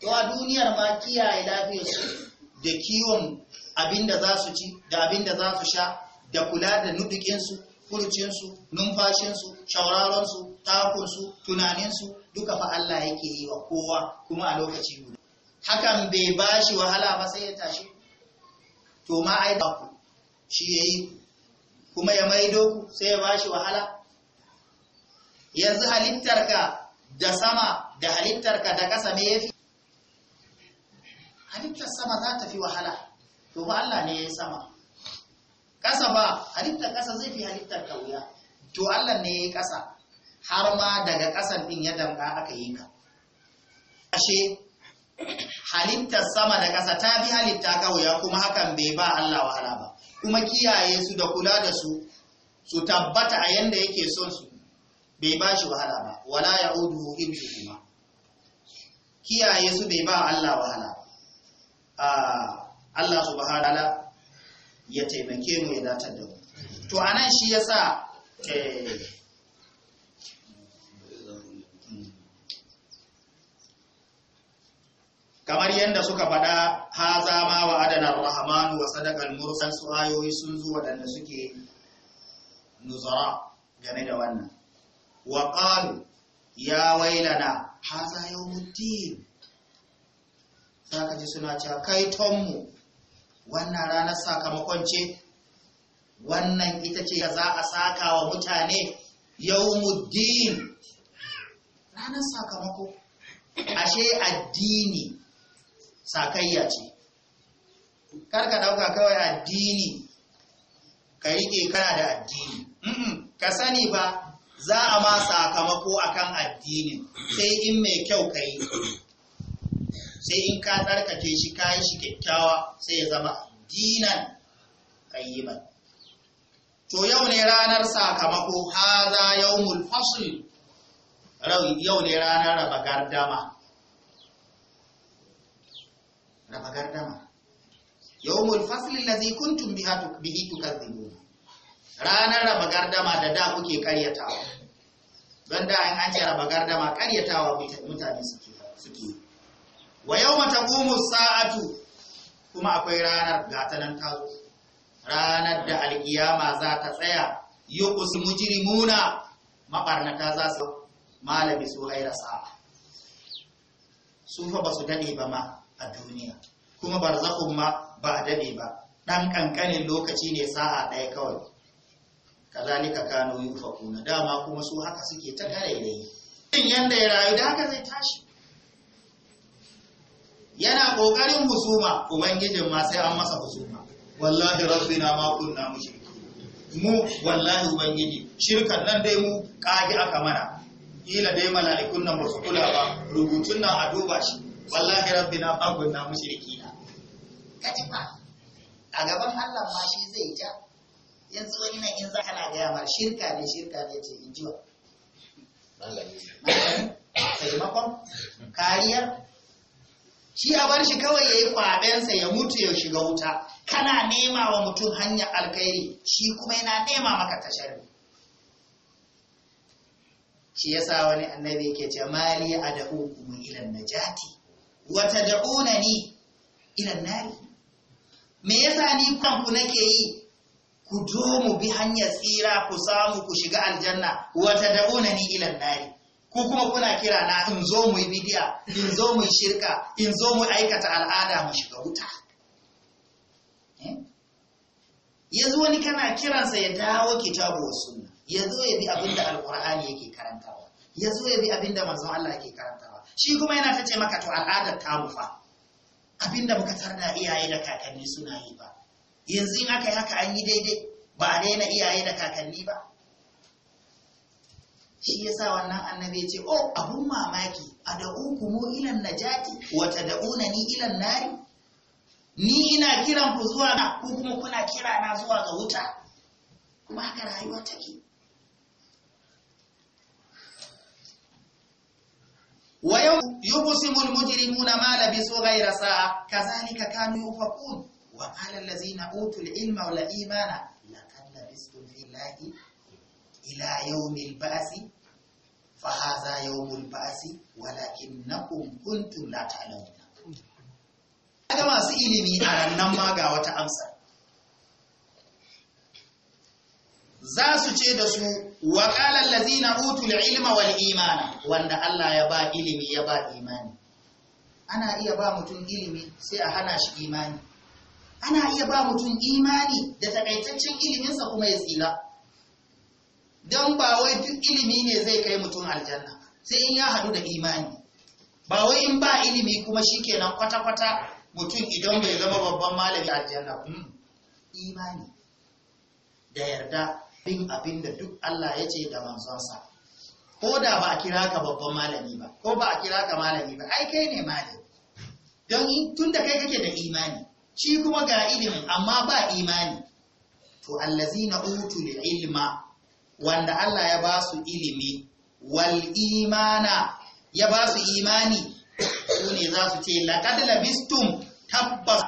to a duniyar ma kiyaye lafiyar su da kiwon abin da za su ci da abin da za su sha da kula da nudukin su numfashinsu, su numfashin su shauraron su takun su tunanin su duka fa Allah yake yi wa kowa kuma a lokaci guda hakan bai bashi wahala ba sai ya tashi to ma ai da ku shi yayi kuma ya maido ku sai ya bashi wahala yanzu ka. da sama da halittarka da ƙasa me yafi halittar sama za ta fi wahala to ba Allah ne ya sama ƙasa ba halittar ƙasa zai fi halittar ka wuya to Allah ne ya yi ƙasa har ma daga ƙasan ɗin ya damka aka yi ka ashe halittar sama da ƙasa ta fi halitta kawuya kuma hakan bai ba Allah wahala ba kuma kiyaye su da kula da su su tabbata a yanda yake son su bai ba shi wahala ba wala ya'uduhu kuma kiyaye su bai ba Allah wahala a ah, Allah subhanahu wataala ya taimake mu ya datar da mu to anan shi yasa eh, kamar yadda suka faɗa haza ma wa adana rahmanu wa sadaqal mursal su ayoyi sun zo waɗanda suke nuzara game da wannan wa ƙalu ya wailana haza yau muddin za ka ji suna cewa kai tonmu wannan ranar sakamakon ce wannan ita ce za a saka wa mutane yau muddin ranar sakamako ashe addini sakayya ce karka ɗauka kawai addini ka rike kana da addini ka sani ba za a ma sakamako akan addinin sai in mai kyau ka yi sai in ka tsarkake shi ka yi shi kyakkyawa sai ya zama addinan qayyiman to yau ne ranar sakamako haza yawmul fasl yau ne ranar raba gardama raba gardama yawmul fasl allazi kuntum bihi tukadzibuna ranar raba gardama da da kuke karyatawa don da an ce raba gardama karyatawa mutane suke wa yau mata sa'atu kuma akwai ranar gatanan tazo ranar da alkiyama za ta tsaya yi mujrimuna mabarnata za su malami su haira sa'a Sufa ba su daɗe ba ma a duniya kuma barzakhun ma ba a daɗe ba ɗan ƙanƙanin lokaci ne sa'a ɗaya kawai kazalika kanu yufakuna dama kuma su haka suke ta yi. din yanda ya rayu da haka zai tashi yana kokarin husuma ubangijin ma sai an masa husuma wallahi rabbina ma kunna mushriki mu wallahi ubangiji shirkan nan dai mu kage aka mana ila dai mala'ikun nan ba su kula ba rubutun nan a duba shi wallahi rabbina ma kunna mushriki na kaji ba a gaban Allah ma shi zai ja yanzu wani na in za na gaya ma shirka ne shirka ne ce in jiwa taimakon kariya shi a bar shi kawai ya yi kwabensa ya mutu ya shiga wuta kana nema wa mutum hanyar alkhairi shi kuma yana nema maka tashar shi ya sa wani annabi yake ce mali a da'ukum ilan najati wa ni ilan nari me yasa ni kanku nake yi ku mu bi hanyar tsira ku samu ku shiga aljanna wata da'una ni ilan nari ku kuma kuna kira na in zo mu yi bidiya in zo mu yi shirka in zo mu aikata al'ada mu shiga wuta eh? yanzu wani kana kiransa ya dawo kitabu wa sunna ya zo ya bi abin da yake karantawa ya zo ya bi abin da manzon Allah yake karantawa shi kuma yana ta ce maka to al'adar ta mu fa abin da muka tarda iyaye da kakanni suna yi ba yanzu in aka yi haka an yi daidai ba a daina iyaye da kakanni ba shi sa wannan annabi ya ce oh abun mamaki a da ukumu ilan jati wata da ni ilan nari ni ina kiran ku zuwa na ku kuma kuna kira na zuwa ga wuta kuma haka rayuwa take wa yau yubsimul mujrimuna ma labisu ghayra sa'a kazalika kanu yufakun wa qala allazina utul ilma wal imana laqad labistum fillahi ila yawmil ba'si fa hadha yawmul ba'si walakinnakum kuntum la ta'lamun kaga masu ilimi a rannan ma ga wata amsa za su ce da su wa qala allazina utul ilma wal imana wanda Allah ya ba ilimi ya ba imani ana iya ba mutum ilimi sai a hana shi imani ana iya ba mutum imani da takaitaccen iliminsa kuma ya tsira don ba wai duk ilimi ne zai kai mutum aljanna sai in ya hadu da imani ba wai in ba ilimi kuma shikenan kwata-kwata mutum idan bai zama babban malami aljanna hmm. imani da yarda bin abin da duk Allah ya ce da manzonsa ko da ba a kira ka babban malami ba ko ba a kira ka malami ba ai kai ne malami don tun da kai kake da imani shi kuma ga ilimi amma ba imani to allazina utul ilma wanda Allah ya ba su ilimi wal imana ya ba su imani su za su ce laqad labistum tabbas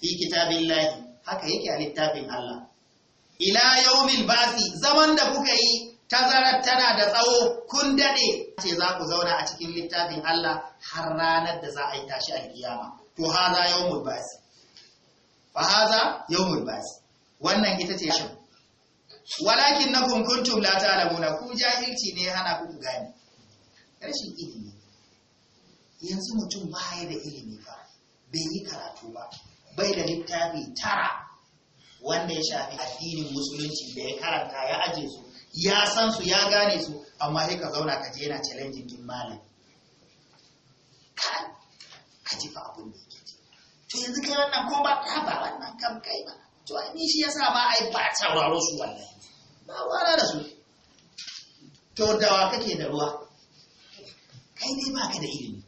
fi kitabillahi haka yake a littafin Allah ila yaumil basi zaman da kuka yi tazarar tana da tsawo kun dade ce za ku zauna a cikin littafin Allah har ranar da za a yi tashi alkiyama to haza yaumul basi fahaza yau yawmul bas wannan ita ce shin walakin na kuntum la ta'lamuna ku jahilci ne hana ku gane rashin ilimi yanzu mutum ba ya da ilimi ba bai yi karatu ba bai da littafi tara wanda ya shafi addinin musulunci da ya karanta ya aje su ya san su ya gane su amma sai ka zauna ka je yana challenging din malam ka ji fa abun da to yanzu kai wannan ko ba ta ba wannan kam kai ba to ai shi yasa ma ai ba tauraro su wallahi ba wara da su to wa kake da ruwa kai dai baka da ilimi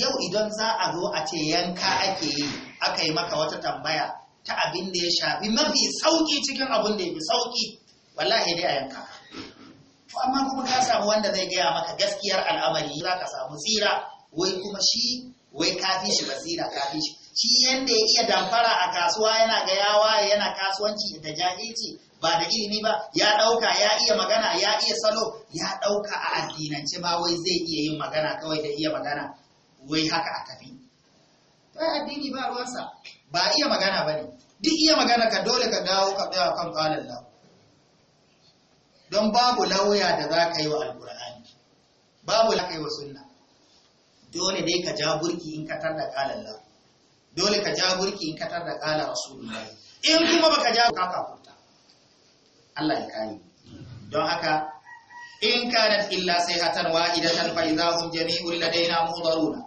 yau idan za a zo a ce yanka ake yi aka yi maka wata tambaya ta abin da ya shafi mafi sauki cikin abin da ya fi sauki wallahi dai a yanka to amma kuma ka samu wanda zai gaya maka gaskiyar al'amari za ka samu tsira wai kuma shi wai kafi shi basira kafi shi shi yanda ya iya damfara a kasuwa yana ga waye yana kasuwanci da jahilci ba da ilimi ba ya dauka ya iya magana ya iya salo ya dauka a addinance ba, wai zai iya yin magana kawai da iya magana wai haka a tafi ba addini ba ruwansa ba iya magana ba ne duk iya magana ka dole ka dawo ka tsaya kan kalan lau don babu lauya da za ka yi wa alkur'ani babu la kai wa sunna dole ne ka ja burki in ka tarda kalalla dole ka ja burki in ka tarda kalan rasulullahi in kuma baka ja ka kafurta Allah ya kai don haka in kanat illa sayhatan wahidatan fa idahum jami'ul ladaina mudaruna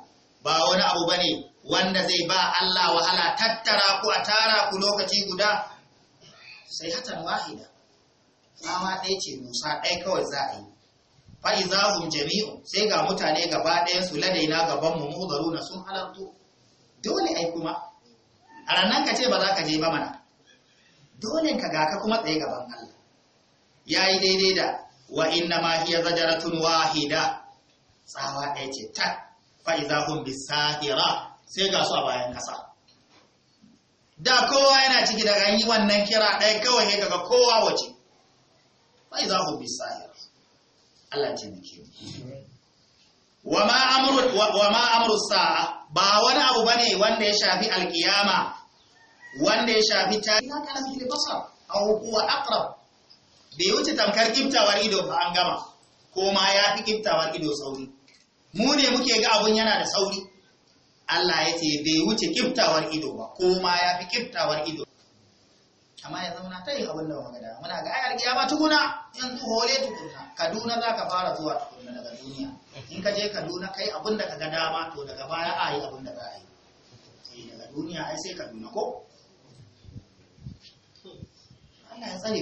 ba wani abu bane wanda zai ba Allah wahala tattara ku a tara ku lokaci guda sayhatan wahida fama ɗaya ce musa ɗaya kawai za a yi fa idahum jami'u sai ga mutane gaba ɗaya su ladaina gaban mu na sun halartu dole ai kuma a ka ce ba za ka je ba mana dole ka ga ka kuma tsaye gaban Allah yayi daidai da wa inna ma hiya zajaratun wahida tsawa ɗaya ce ta fa idahum bisahira sai ga su a bayan kasa da kowa yana ciki daga yi wannan kira ɗaya kawai ne daga kowa waje fa idahum bisahira Allah ya taimake wa ma sa'a ba wani abu ba ne wanda ya shafi alkiyama wanda ya shafi ta ina kana fil basa a hukuwa aqrab bai wuce tamkar kiftawar ido ba an gama ko ma ya fi kiftawar ido sauri mu ne muke ga abun yana da sauri Allah ya ce bai wuce kiftawar ido ba ko ma ya fi kiftawar ido amma ya zauna ta yi abin da magana muna ga ayar kiyama tukuna yanzu hore tukuna kaduna za ka fara zuwa tukuna daga duniya in ka je kaduna kai abin da ka ga dama to daga baya a yi abin da za a yi eh, daga duniya ai sai kaduna ko Allah ya tsare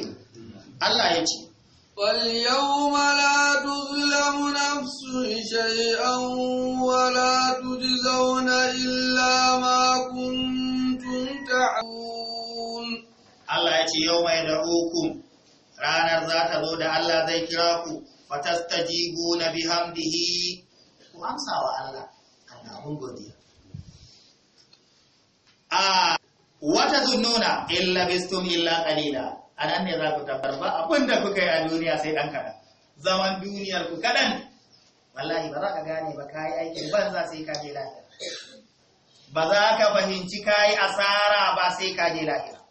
Allah ya ce فاليوم لا تظلم نفس شيئا ولا تجزون إلا ما كنتم تعملون Allah ya ce yau mai da hukum ranar za ta zo da Allah zai kira ku jigo na bi hamdihi ku amsa wa Allah Allahun godiya a wata nuna illa bistum illa qalila anan ne za ku tabbar ba abinda kuka yi a duniya sai dan kaɗan. zaman duniyar ku kadan wallahi ba za ka gane ba kai aikin banza sai ka je lafiya ba za ka fahimci kai asara ba sai ka je lafiya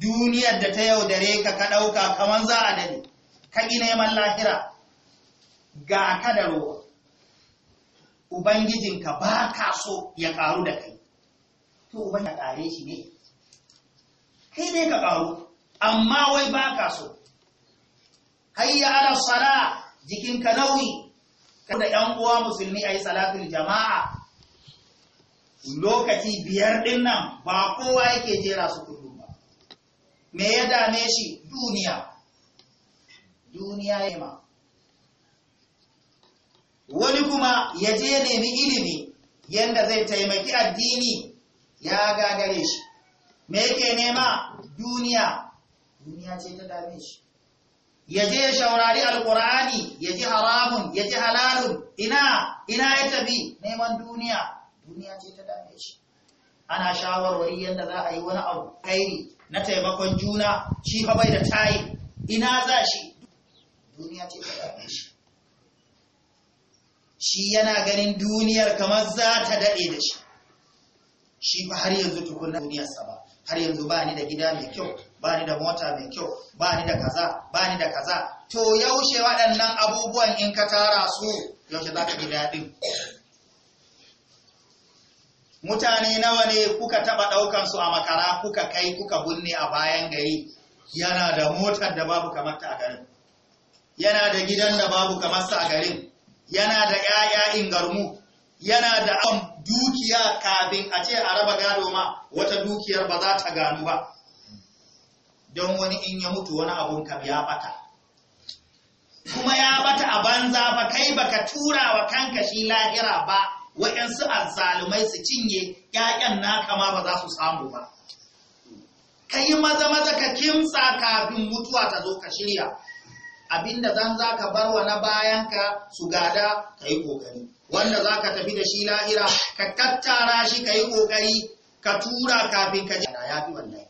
duniyar da ta yaudare ka ka ɗauka kamar za a dare ka ƙi neman lahira ga ka da rowa ubangijinka ba ka so ya ƙaru da kai to uban ya ƙare shi ne kai ne ka ƙaru amma wai ba ka so ya ala jikin jikinka nauyi da ‘yan uwa musulmi a yi salatul jama'a lokaci biyar ɗin nan ba kowa yake jera su kudu me ya dame shi duniya duniya ya ma wani kuma ya je nemi ilimi yadda zai taimaki addini ya gagare shi me yake nema duniya duniya ce ta dame shi ya je ya shaurari alkur'ani ya ji haramun ya ji halalun ina ina ya tafi neman duniya duniya ce ta dame shi ana shawarwari yadda za a yi wani abu kairi na taimakon juna shi fa bai da tayi ina za shi duniya ce ta shi shi yana ganin duniyar kamar za ta daɗe da shi shi ba har yanzu tukunna duniyarsa ba har yanzu ba ni da gida mai kyau ba ni da mota mai kyau ba ni da kaza ba ni da kaza to yaushe waɗannan abubuwan in ka tara su yaushe za ka ji daɗin mutane nawa ne kuka taɓa ɗaukansu a makara kuka kai kuka bunne a bayan gari yana da motar da babu kamarta a garin yana da gidan da babu kamarsa a garin yana da ‘ya'ya ingarmu yana da an dukiya kafin a ce a raba gado ma wata dukiyar ba za ta gano ba don wani in ya mutu wani abun kam ya bata kuma ya bata a banza ba kai baka tura wa kanka shi lahira ba wa'yansu azzalumai su cinye ‘ya'yan naka ma ba za su samu ba. Ka yi maza maza ka kimsa kafin mutuwa ta zo ka shirya, abinda zan za ka bar wa na ka su gada ka yi ƙoƙari, wanda za ka tafi da shi lahira ka tattara shi ka yi ƙoƙari ka tura kafin ka ji ya fi wannan.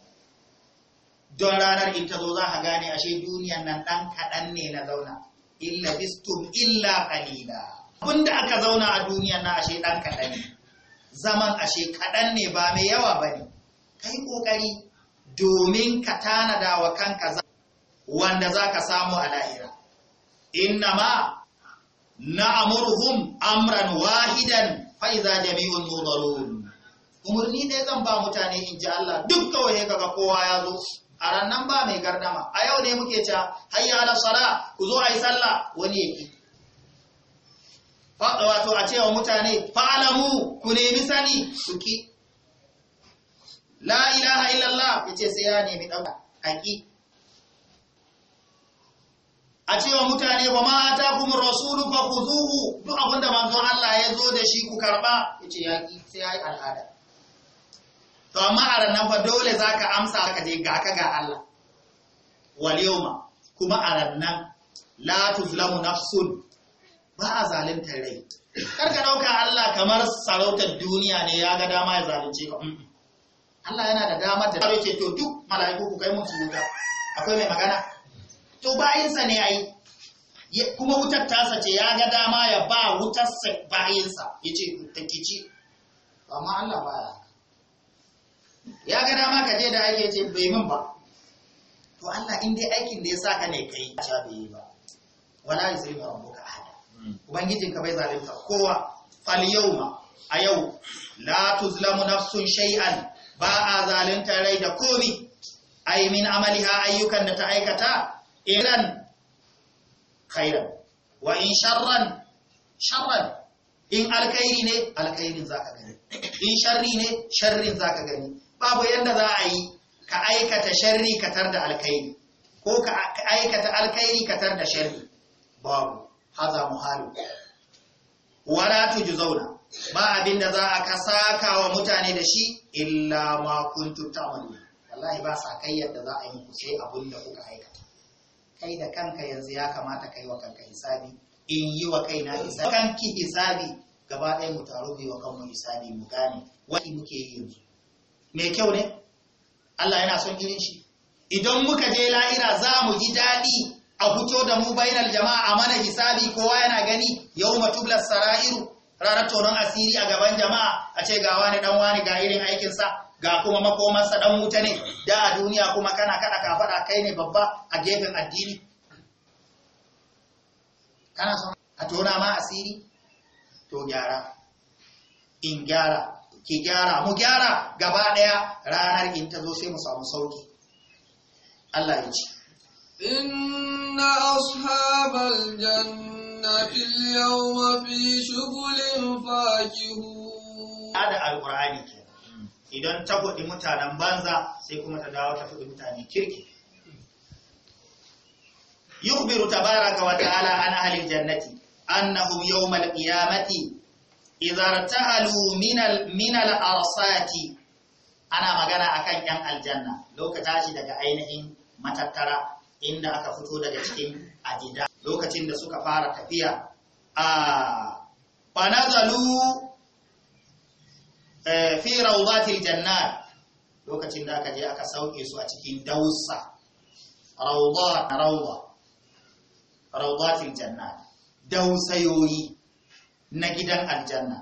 Don ranar in ta zo za ka gane ashe duniyan nan ɗan kaɗan ne na zauna, illa bistum illa ƙalila. abin aka zauna a duniya na ashe ɗan kaɗan zaman ashe kaɗan ne ba mai yawa ba ne kai ƙoƙari domin ka tanada wa kanka wanda za ka samu a lahira inna ma na amurhum amran wahidan fa'iza jami'un nuzarun umarni ne zan ba mutane in ji Allah duk kawai ga kowa ya zo a ran ba mai gardama a yau ne muke ca hayya ala sala ku zo a yi sallah wani yake wato a cewa mutane fa'alamu ku nemi sani suki. ki la ilaha illallah ya ce sai ya nemi ɗauka a ki a cewa mutane ba ma ta kuma rasulu ba ku zuhu duk abinda manzon Allah ya zo da shi ku karɓa ya ce ya ƙi sai ya yi al'ada to amma a ranar ba dole za ka amsa ka je ga ka ga Allah wal ma, kuma a ranar la tuzlamu nafsun ba a zaluntar rai karka dauka Allah kamar sarautar duniya ne ya ga dama ya zalunce ka Allah yana da damar da ce to duk mala'iku ku kai mun su wuta akwai mai magana to bayinsa ne ai kuma wutar tasa ce ya ga dama ya ba wutar sa bayinsa yace kici amma Allah baya ya ga dama ka je da ake ce bai min ba to Allah in dai aikin da ya saka ne kai ba wala yuzlimu rabbuka ubangiji ka bai zalunta kowa fal yawma a yau la tuzlamu nafsun shay'an ba a zalunta rai da komi ai min amaliha ayyukan da ta aikata iran khairan wa in sharran sharran in alkhairi ne alkhairin zaka gani in sharri ne sharrin zaka gani babu yanda za a yi ka aikata sharri katar da alkhairi ko ka aikata alkhairi katar da sharri babu haza muhalu wala tujzauna ba abinda za a kasaka wa mutane da shi illa ma kuntum ta'malu wallahi ba sakayyar da za a yi ku sai abin da kuka aikata kai da kanka yanzu ya kamata kai wa kanka hisabi in yi wa kaina hisabi kanki hisabi gaba ɗaya mu taro mu wa kanmu hisabi mu gane wani muke yi yanzu me kyau ne Allah yana son irin shi idan muka je la'ira za mu ji daɗi a fito da mu bainal jama'a a mana hisabi kowa yana gani yau matublar sara'iru ranar tonon asiri a gaban jama'a a ce ga wani dan wani ga irin aikinsa ga kuma makomarsa dan wuta ne da a duniya kuma kana kada ka faɗa kai ne babba a gefen addini kana son a tona ma asiri to gyara in gyara ki gyara mu gyara gaba ɗaya ranar in ta zo sai mu samu sauki Allah ya ji. إن أصحاب الجنة اليوم في شغل فاكهون هذا القرآن idan ta faɗi mutanen banza sai kuma ta dawo ta faɗi mutane kirki yukbiru tabaraka wa ta'ala an ahli jannati annahum yawm al-qiyamati idza irtahalu min min al-arsati ana magana akan yan aljanna lokata shi daga ainihin matattara inda aka fito daga cikin ajida lokacin da suka fara tafiya a fanazalu e, fi rawdatil jannat lokacin da aka je aka sauke su a cikin dausa rawda rawda rawdatil jannat dausayoyi na gidan aljanna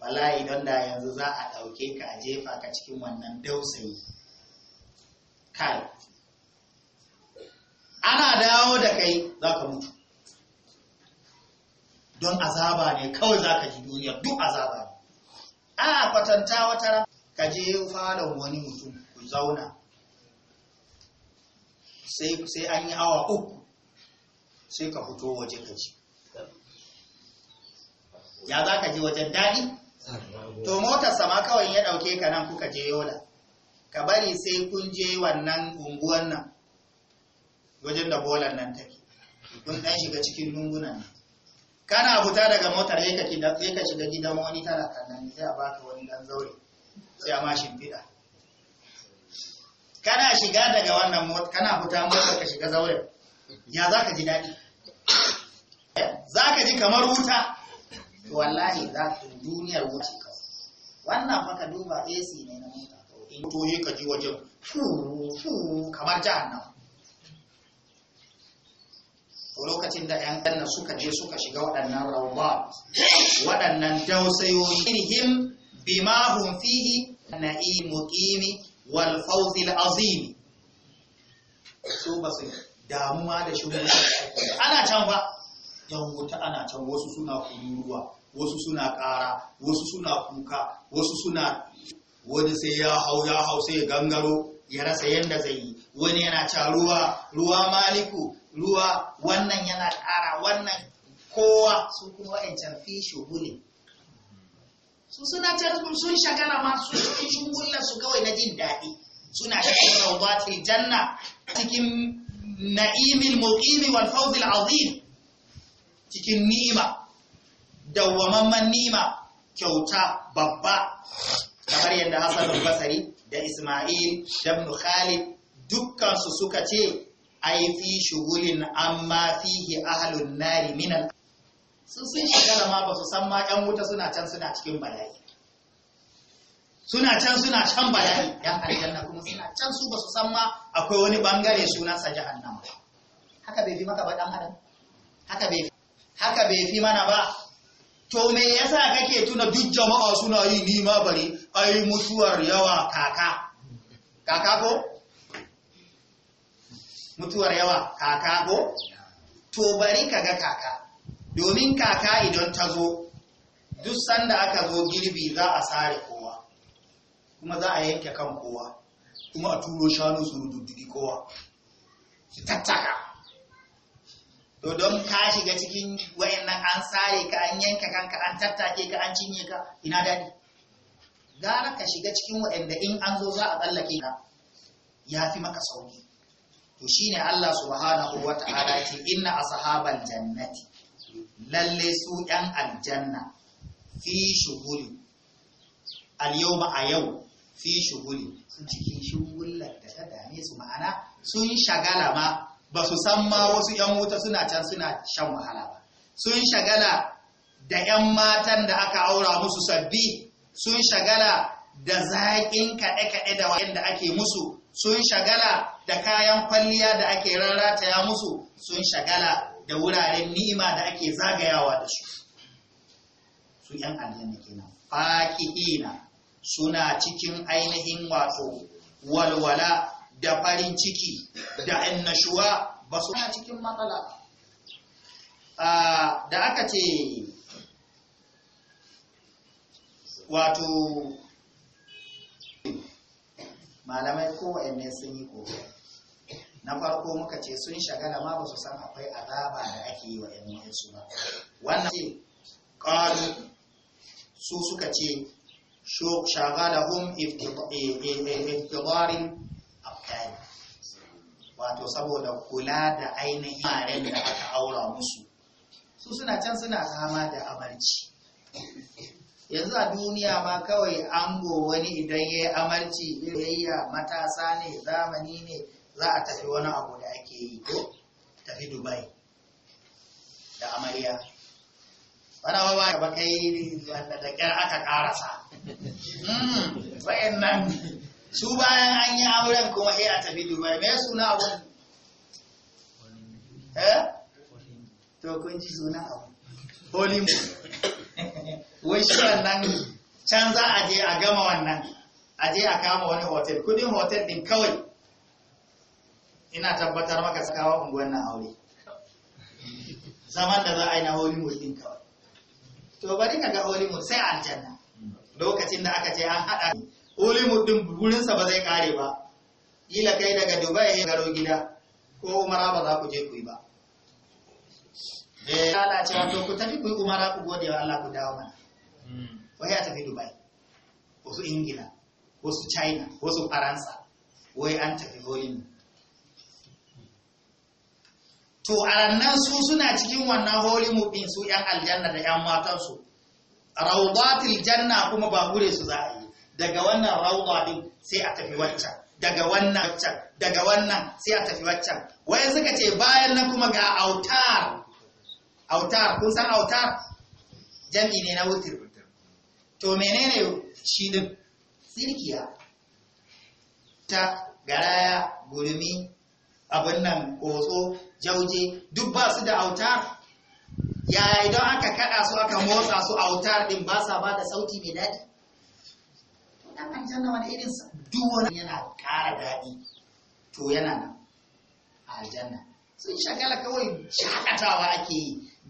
wallahi don da yanzu za a ɗauke ka a jefa ka cikin wannan dausayi kai ana dawo da kai za ka mutu don azaba ne kawai za ka ji duniya duk azaba ne a kwatanta wata ran ka je falon wani mutum ku zauna sai an yi awa uku sai ka fito waje ka ji ya za ka ji wajen daɗi to motar sama kawai ya ɗauke ka nan kuka je yola ka bari sai kun je wannan unguwan nan wajen da bolan nan take don ɗan shiga cikin lungunan kana fita daga motar da yake shiga gidan wani tana kallon sai a baka wani ɗan zaure sai a mashin fida kana shiga daga wannan motar kana fita motar ka shiga zaure ya za ka ji daɗi za ka ji kamar wuta To wallahi za ka duniyar wuce ka. wannan fa ka duba ac ne na mota to in to ka ji wajen kamar jahannama lokacin da 'yan ganna suka je suka shiga waɗannan rawba waɗannan dausayoyi irhim bima hum fihi iya qimi wal fawzil azim su ba su damuwa da shugaban ana can fa yan wuta ana can wasu suna kururuwa wasu suna ƙara wasu suna kuka wasu suna wani sai ya hau ya hau sai ya gangaro ya rasa yadda zai yi wani yana ca ruwa ruwa maliku ruwa wannan yana ƙara wannan kowa su kuma wa'ancan fi shugulin su suna can sun shagala ma su cikin su kawai na jin daɗi suna cikin rawdatil janna cikin na'imil muqimi wal fawzil azim cikin ni'ima dawwamamman ni'ima kyauta babba kamar yadda Hassan da da Isma'il da Ibn Khalid dukkan su suka ce ai fi shugulin amma fihi ahlun nari minan sun sun shigala ma ba su san ma yan wuta suna can suna cikin bala'i suna can suna can bala'i yan aljanna kuma suna can su ba su san ma akwai wani bangare sunansa jahannama haka bai fi maka ba dan adam haka bai haka bai fi mana ba to me yasa kake tuna duk jama'a suna yi ni ma bari ai mutuwar yawa kaka kaka ko mutuwar yawa kaka ko to bari ka ga kaka domin kaka idan ta zo duk sanda aka zo girbi za a sare kowa kuma za a yanke kan kowa kuma a turo shanu su rududdigi kowa su tattaka to don ka shiga cikin wayannan an sare ka an yanke kanka an tattake ka an cinye ka ina daɗi gara ka shiga cikin wayanda in an zo za a tsallake ka ya fi maka sauki to shine Allah subhanahu wata'ala ce inna ashabal jannati lalle su ƴan aljanna fi shughuli alyawma yawma a yau fi shughuli sun cikin shugullar da ta dame su ma'ana sun shagala ma ba su san ma wasu ƴan wuta suna can suna shan wahala ba sun shagala da ƴan matan da aka aura musu sabbi sun shagala da zaƙin kaɗe-kaɗe da wa'in da ake musu sun shagala da kayan kwalliya da ake ya musu sun shagala da wuraren ni'ima da ake zagayawa da su su yan aljanna kenan fakihina suna cikin ainihin wato walwala da farin ciki da annashuwa ba su cikin matsala da aka ce wato malamai kowanne sun yi kokari na farko muka ce sun shagala ma ba su san akwai azaba da ake yi wa yan su ba wannan ce ƙari su suka ce shagala shagalahum iftidarin e, e, e, afkani wato saboda kula da ainihin yaren da aka aura musu su suna can suna kama da abarci yanzu a duniya ma kawai ango wani idan ya yi amarci yayya matasa ne zamani ne za a tafi wani abu da ake yi ko tafi dubai da amarya wani ba ba kai da kyar aka karasa bayan hmm, nan su bayan an yi auren kuma ya a tafi dubai me suna abun eh to kun ji suna abu moon wai shi wannan can za a je a gama wannan a je a kama wani hotel kudin hotel din kawai ina tabbatar maka sakawa unguwan na aure zaman da za a yi na hollywood din kawai to bari ka ga hollywood sai aljanna lokacin da aka ce an haɗa hollywood din gurinsa ba zai kare ba kila kai daga dubai ya garo gida ko umara ba za ku je ku yi ba da eh, ya lalacewa wato ku tafi ku yi umara ku gode wa allah ku dawo mana wai a tafi dubai wasu ingila wasu china wasu faransa wai an tafi holin to arannan su suna cikin wannan holin mubin su yan aljanna da yan matansu rawdatil janna kuma ba gure su za a yi daga wannan rawda din sai a tafi wancan daga wannan waccan daga wannan sai a tafi waccan Wai suka ce bayan nan kuma ga autar autar kun san autar jami'i ne na wutar to menene shi din sirkiya ta garaya gurumi abin nan kotso jauje duk ba su da autar yaya idan aka kada su aka motsa su autar din ba sa ba da sauti mai daɗi dan aljanna wani irin duk wani yana ƙara daɗi to yana nan a aljanna sun shagala kawai shakatawa ake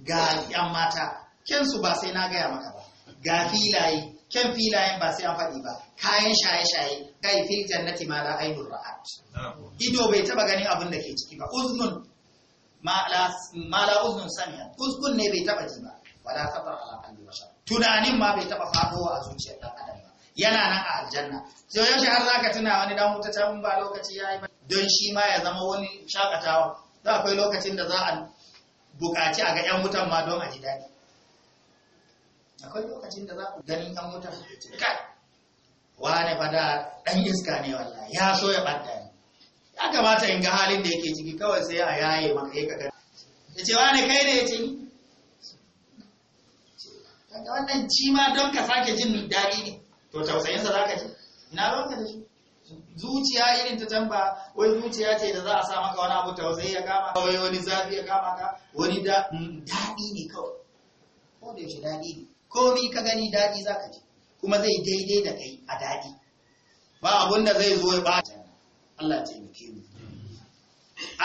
ga 'yan mata kensu ba sai na gaya maka ba ga filaye kyan filayen ba sai an faɗi ba kayan shaye-shaye kai fil jannati ma la ainur ra'at ido bai taba ganin abin da ke ciki ba uznun ma la uznun ne bai taba ji ba wala khatar ala qalbi bashar tunanin ma bai taba fadowa a zuciyar dan adam ba yana nan a aljanna sai yaushe har zaka tuna wani dan wuta ta ba lokaci yayi ba don shi ma ya zama wani shakatawa da akwai lokacin da za a buƙaci a ga yan wutan ma don a ji daɗi akwai lokacin da za ku ganin yan mutum kai wane fada ɗan iska ne wallahi ya so ya ɓadda ni ya kamata in ga halin da yake ciki kawai sai a yaye maka yi kaga ya ce wane kai ne ya ce ni kaga wannan ci ma don ka sake jin daɗi ne to tausayinsa za ka ji ina ka da shi zuciya irin ta can ba wai zuciya ce da za a sa maka wani abu tausayi ya kama ka wai wani zafi ya kama ka wani mm, daɗi ne kawai ko da yaushe daɗi ne komi ka gani daɗi za ka ji kuma zai daidai da kai a daɗi ba abun da zai zo ya ba Allah ce muke mu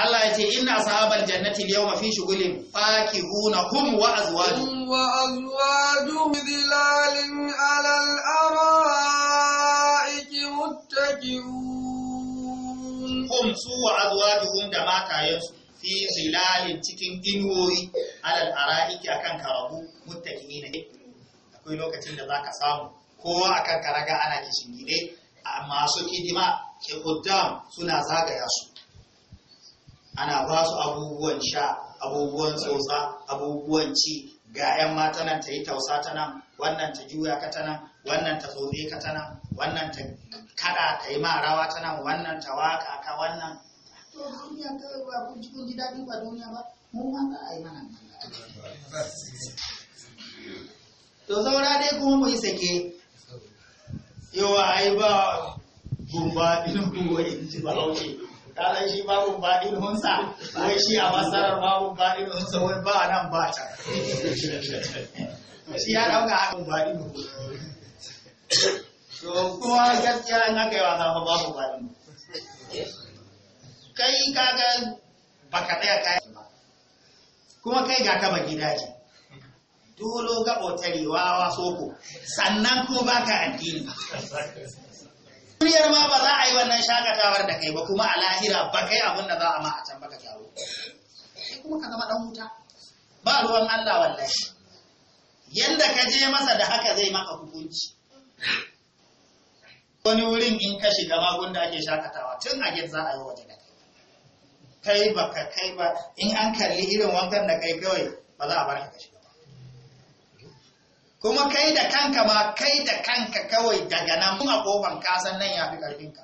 Allah ya ce inna sahabal jannati yau yawma fi shughulin fakihuna hum wa azwaju wa azwaju bidlalin 'ala al-ara'iki muttaqiun hum su wa azwajuhum da matayensu fi zilalin cikin inuwoyi alal ara'iki akan karabu muttaki akwai lokacin da za ka samu kowa a kan karaga ana kishin gide masu hidima ke kuddam suna zagaya su ana ba su abubuwan sha abubuwan tsotsa abubuwan ci ga 'yan mata nan ta yi tausa ta nan wannan ta juya ka ta nan wannan ta tsotse ka ta nan wannan ta kada ta yi marawa ta nan wannan ta waka ka wannan to duniya ba kun ji ba to saura dai kuma mu yi sake yawa yi ba gumba ɗin gumba ba ji bahaushe kalan shi ba gumba ɗin hunsa wai shi a masarar ba gumba ɗin hunsa wai ba nan ba ta shi ya ɗauka a gumba ɗin to kuma gaskiya in aka yi wasa ba babu gumba kai kaga baka ɗaya kayan ba kuma kai ga ka ba gida dolo ga wawa soko sannan ko baka addini duniyar ma ba za a yi wannan shakatawar da kai ba kuma a lahira ba kai abin da za a ma a can baka taro kai kuma ka zama dan wuta ba ruwan Allah wallahi yanda ka je masa da haka zai maka hukunci wani wurin in ka shiga magun da ake shakatawa tun a gid za a yi waje da kai kai ba ka kai ba in an kalli irin wankan da kai kawai ba za a bar ka kashi kuma kai da kanka ma kai da kanka kawai daga nan mun a kasan nan ya fi ƙarfinka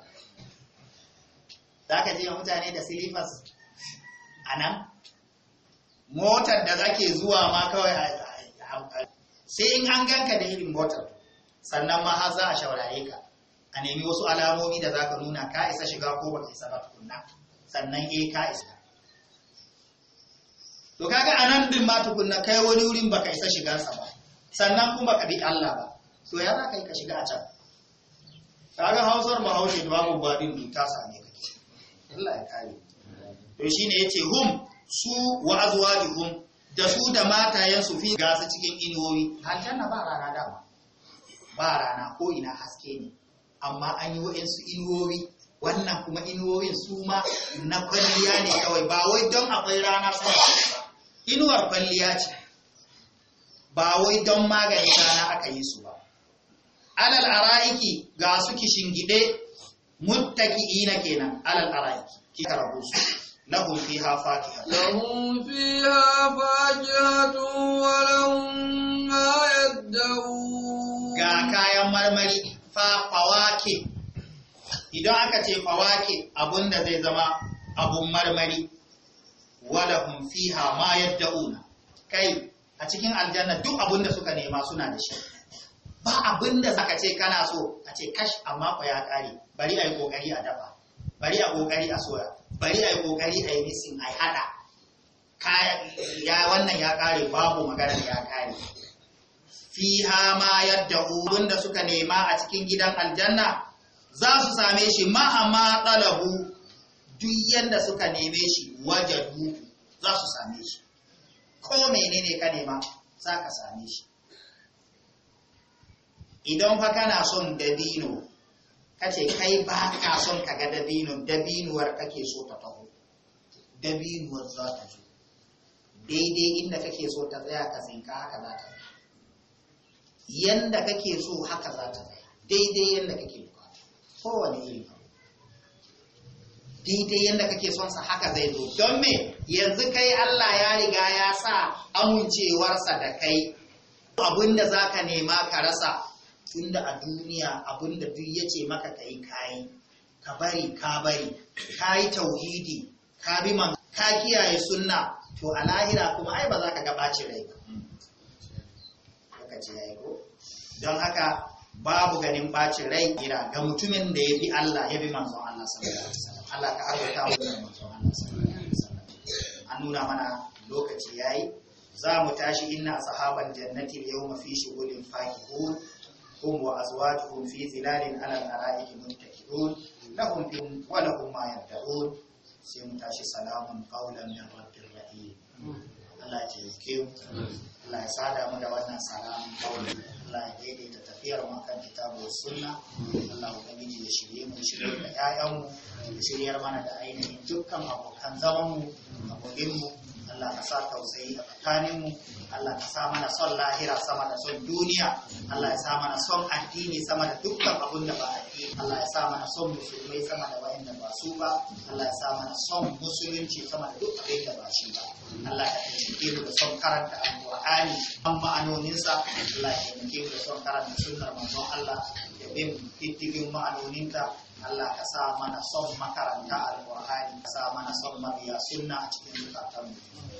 za ka je mutane da silifas a nan motar da zake zuwa ma kawai a sai in an ganka da irin motar sannan ma har za a shaurare ka a nemi wasu alamomi da za ka nuna ka isa shiga ko ba isa ba tukunna sannan eh ka isa to kaga anan din ma tukunna kai wani wurin baka isa shigarsa ba sannan kuma ka bi Allah ba to ya za ka ka shiga a can kaga hausar bahaushe da babu gwadin ta same ka Allah ya kare to shine yace hum su wa azwajuhum da su da matayen su fi gasa cikin inuwoyi aljanna ba rana dama ba rana ko ina haske ne amma an yi su inuwoyi wannan kuma inuwoyin su ma na kwalliya ne kawai ba wai don akwai rana sama inuwar kwalliya ce ba wai don magani rana aka yi su ba alal ara'iki ga su muttaki ina kenan alal ara'iki ki karabu su lahum fiha fakiha lahum fiha fakihatu wa lahum ma yad'un ga kayan marmari fa fawake idan aka ce fawake abunda zai zama abun marmari wa lahum fiha ma yad'una kai a cikin aljanna duk abin da suka nema suna da shi ba abin da saka ce kana so a ce kash amma ko ya kare bari a yi kokari a dafa bari a kokari a soya bari ai yi kokari a yi misin a hada ya wannan ya kare babu magana ya kare fiha ma yadda abin da suka nema a cikin gidan aljanna za su same shi ma amma ɗalahu duk yadda suka neme shi wajadu za su same shi ko menene ka nema za ka same shi idan fa kana son dabino ka ce kai ba ka son ka ga dabino dabinuwar kake so ta taho dabinuwar za ta zo daidai inda kake so ta tsaya ka tsinka haka za ta tsaya yanda kake so haka za ta tsaya daidai yanda kake bukata kowane iri daidai yadda kake son sa haka zai zo don me yanzu kai Allah ya riga ya sa amincewarsa da kai da zaka nema ka rasa tunda a duniya da duk yace maka kai kai ka bari ka bari kai tauhidi ka bi man ka kiyaye sunna to a lahira kuma ai ba za ka ga ci rai ba don haka babu ganin bacin rai ira ga mutumin da ya bi Allah ya bi manzon Allah sallallahu alaihi wasallam Allah ka azurta mu da manzon Allah sallallahu alaihi wasallam an nuna mana lokaci yayi za mu tashi inna sahaban jannati yawma fi shughulin fakihun hum wa azwajuhum fi zilalin ala al-ara'iki muntakirun lahum fi wa lahum ma yad'un sai mu tashi salamun qawlan min rabbil rahim Allah ya taimake mu Allah ya sada mu da wannan salamun qawlan Allah ya daidaita tafiyar mu kan kitabu sunna Allah ubangiji ya shirye mu shirye da ƴaƴan mu ya shiryar mana da ainihin dukkan abokan zaman mu abokin mu Allah ka sa tausayi a tsakanin mu Allah ka sa mana son lahira sama da son duniya Allah ya sa mana son addini sama da dukkan abun da ba addini Allah ya sa mana son musulmai sama da wayanda ba su ba Allah ya sa mana son musulunci sama da duk abin da ba shi ba Allah ya taimake mu da son karanta al alƙur'ani ban ma'anoninsa Allah ya taimake mu da son karanta sunnar manzon Allah ya bin diddigin ma'anoninta Allah ka sa mana son makaranta al alƙur'ani ka sa mana son mabiya sunna a cikin zukatanmu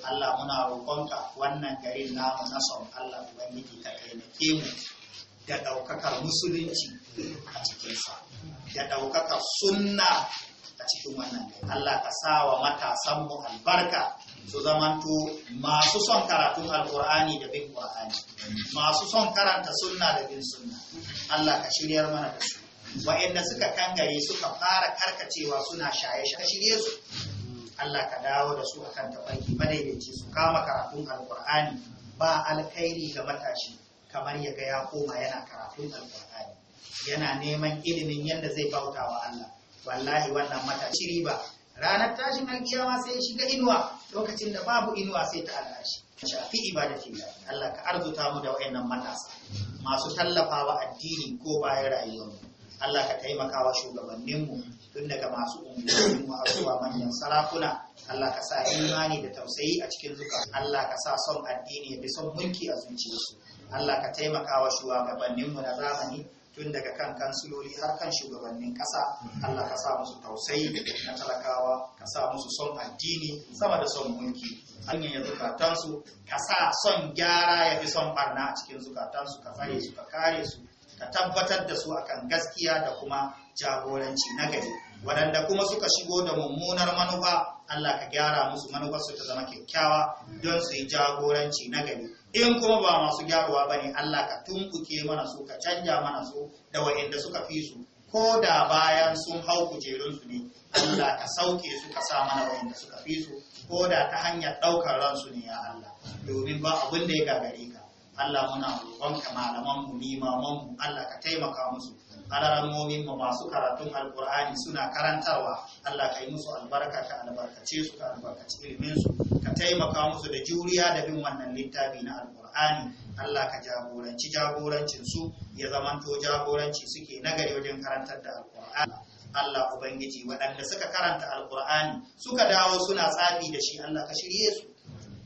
Allah muna roƙonka wannan garin namu na son Allah ubangiji ka taimake mu da ɗaukakar musulunci a cikin cikinsa da ɗaukakar sunna a cikin wannan Allah ka sa wa matasanmu albarka su zamanto masu son karatun alkur'ani da bin ƙwa'ani masu son karanta sunna da bin sunna Allah ka shiryar mana da su wa'anda suka kangare suka fara karkacewa suna shaye shaye shirye su Allah ka dawo da su kan tafarki madaidaici su kama karatun alkur'ani ba alkhairi ga matashi kamar ya ga ya koma yana karatun alkur'ani yana neman ilimin yadda zai bauta wa Allah wallahi wannan matashi riba ranar tashin alkiyama sai shiga inuwa lokacin da babu inuwa sai ta Allah shi shafi ibadati Allah ka arzuta mu da wayannan matasa masu tallafawa addini ko bayan rayuwar Allah ka taimaka wa shugabanninmu tun daga masu unguwannin mu zuwa manyan sarakuna Allah ka sa imani da tausayi a cikin zukatan Allah ka sa son addini ya bi son mulki a zuciyarsu Allah ka taimaka wa shugabanninmu na zamani tun daga kan kansiloli har kan shugabannin ƙasa Allah ka sa musu tausayi na talakawa ka sa musu son addini sama da son mulki hanyar zukatansu ka sa son gyara ya fi son barna a cikin zukatansu ka tsare su ka kare su ka tabbatar da su akan gaskiya da kuma jagoranci na gari waɗanda kuma suka shigo da mummunar manufa Allah ka gyara musu manufar su ta zama kyakkyawa don su yi jagoranci na gari in kuma ba masu gyaruwa bane Allah ka tumbuke mana su ka canja mana su da waɗanda suka fi su ko da bayan sun hau kujerunsu ne Allah ka sauke su ka sa mana waɗanda suka fi su ko da ta hanyar ɗaukar ransu ne ya Allah domin ba abin da ya gagare ka Allah muna roƙonka malaman mu limaman mu Allah ka taimaka musu alarammomin ma masu karatun alkur'ani suna karantarwa Allah ka yi musu albarka ka albarkace su ka albarkaci ilimin ka taimaka musu da juriya da bin wannan littafi na alkur'ani Allah ka jagoranci jagorancin su ya zamanto jagoranci suke nagari wajen karantar da alkur'ani Allah ubangiji waɗanda suka karanta alkur'ani suka dawo suna tsafi da shi Allah ka shirye su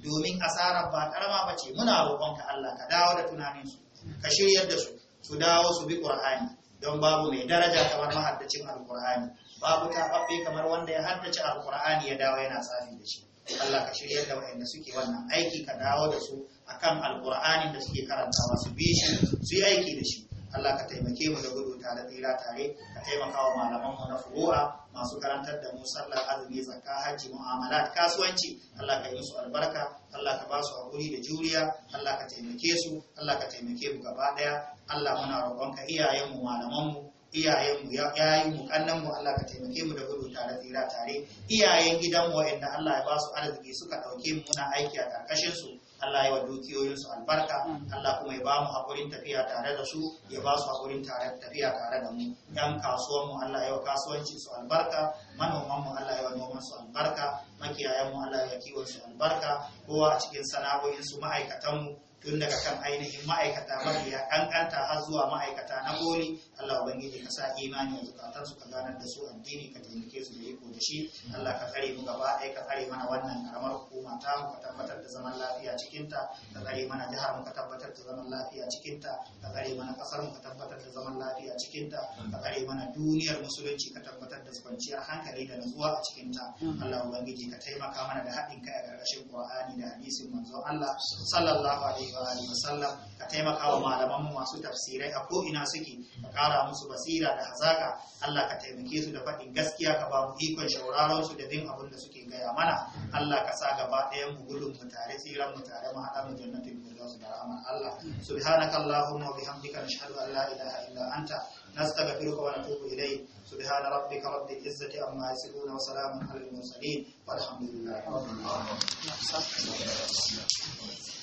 domin asarar ba karama ba ce muna roƙonka Allah ka dawo da tunaninsu ka shiryar da su su dawo su bi ƙur'ani don babu mai daraja kamar mahaddacin alkur'ani babu ta taɓaɓɓe kamar wanda ya haddace alkur'ani ya dawo yana tsafi da shi Allah ka shirya da waɗanda suke wannan aiki ka dawo da su akan alkur'anin da suke karantawa su bi shi su yi aiki da shi Allah ka taimake mu da gudu tare tsira tare ka taimaka wa malamanmu na furu'a masu karantar da mu sallar azumi zakka hajji mu'amalat kasuwanci Allah ka yi musu albarka Allah ka ba su hakuri da juriya Allah ka taimake su Allah ka taimake mu gaba ɗaya. Allah muna roƙonka iyayenmu malamanmu iyayenmu yayinmu kannanmu Allah ka taimake mu da gudu tare tsira tare iyayen gidanmu waɗanda Allah ya ba su arziki suka ɗauke mu muna aiki a ƙarƙashin su Allah ya wa dukiyoyin su albarka Allah kuma ya ba mu haƙurin tafiya tare da su ya ba su haƙurin tare tafiya tare da mu yan kasuwan Allah ya wa kasuwanci su albarka manoman Allah ya wa noman su albarka makiyayan mu Allah ya kiwon su albarka kowa a cikin sana'o'insu su ma'aikatan mu tun daga kan ainihin ma'aikata mafiya kankanta har zuwa ma'aikata na goli Allah ubangiji ka sa imani a zukatan su ka ganar da su addini ka taimake su da iko da shi Allah ka tsare mu gaba ɗaya ka tsare mana wannan karamar hukuma ta mu ka tabbatar da zaman lafiya cikin ta ka tsare mana jihar mu ka tabbatar da zaman lafiya cikin ta ka tsare mana kasar mu ka tabbatar da zaman lafiya cikin ta ka tsare mana duniyar musulunci ka tabbatar da kwanciyar hankali da nutsuwa a cikin ta Allah ubangiji ka taimaka mana da haɗin kai a ƙarƙashin Qur'ani da hadisin manzon Allah sallallahu alaihi alaihi wasallam ka taimaka wa malaman mu masu tafsirai a ko ina suke ka kara musu basira da hazaka Allah ka taimake su da faɗin gaskiya ka ba mu ikon shauraron su da bin abin da suke gaya mana Allah ka sa gaba ɗayan mu gudun mu tare tsiran mu tare mu haɗa mu jannatin firdaus da rahmar Allah subhanakallahumma wa bihamdika nashhadu an la ilaha illa anta نستغفرك subhana rabbika rabbil izzati رب العزة عما يصفون وسلام على المرسلين والحمد لله رب العالمين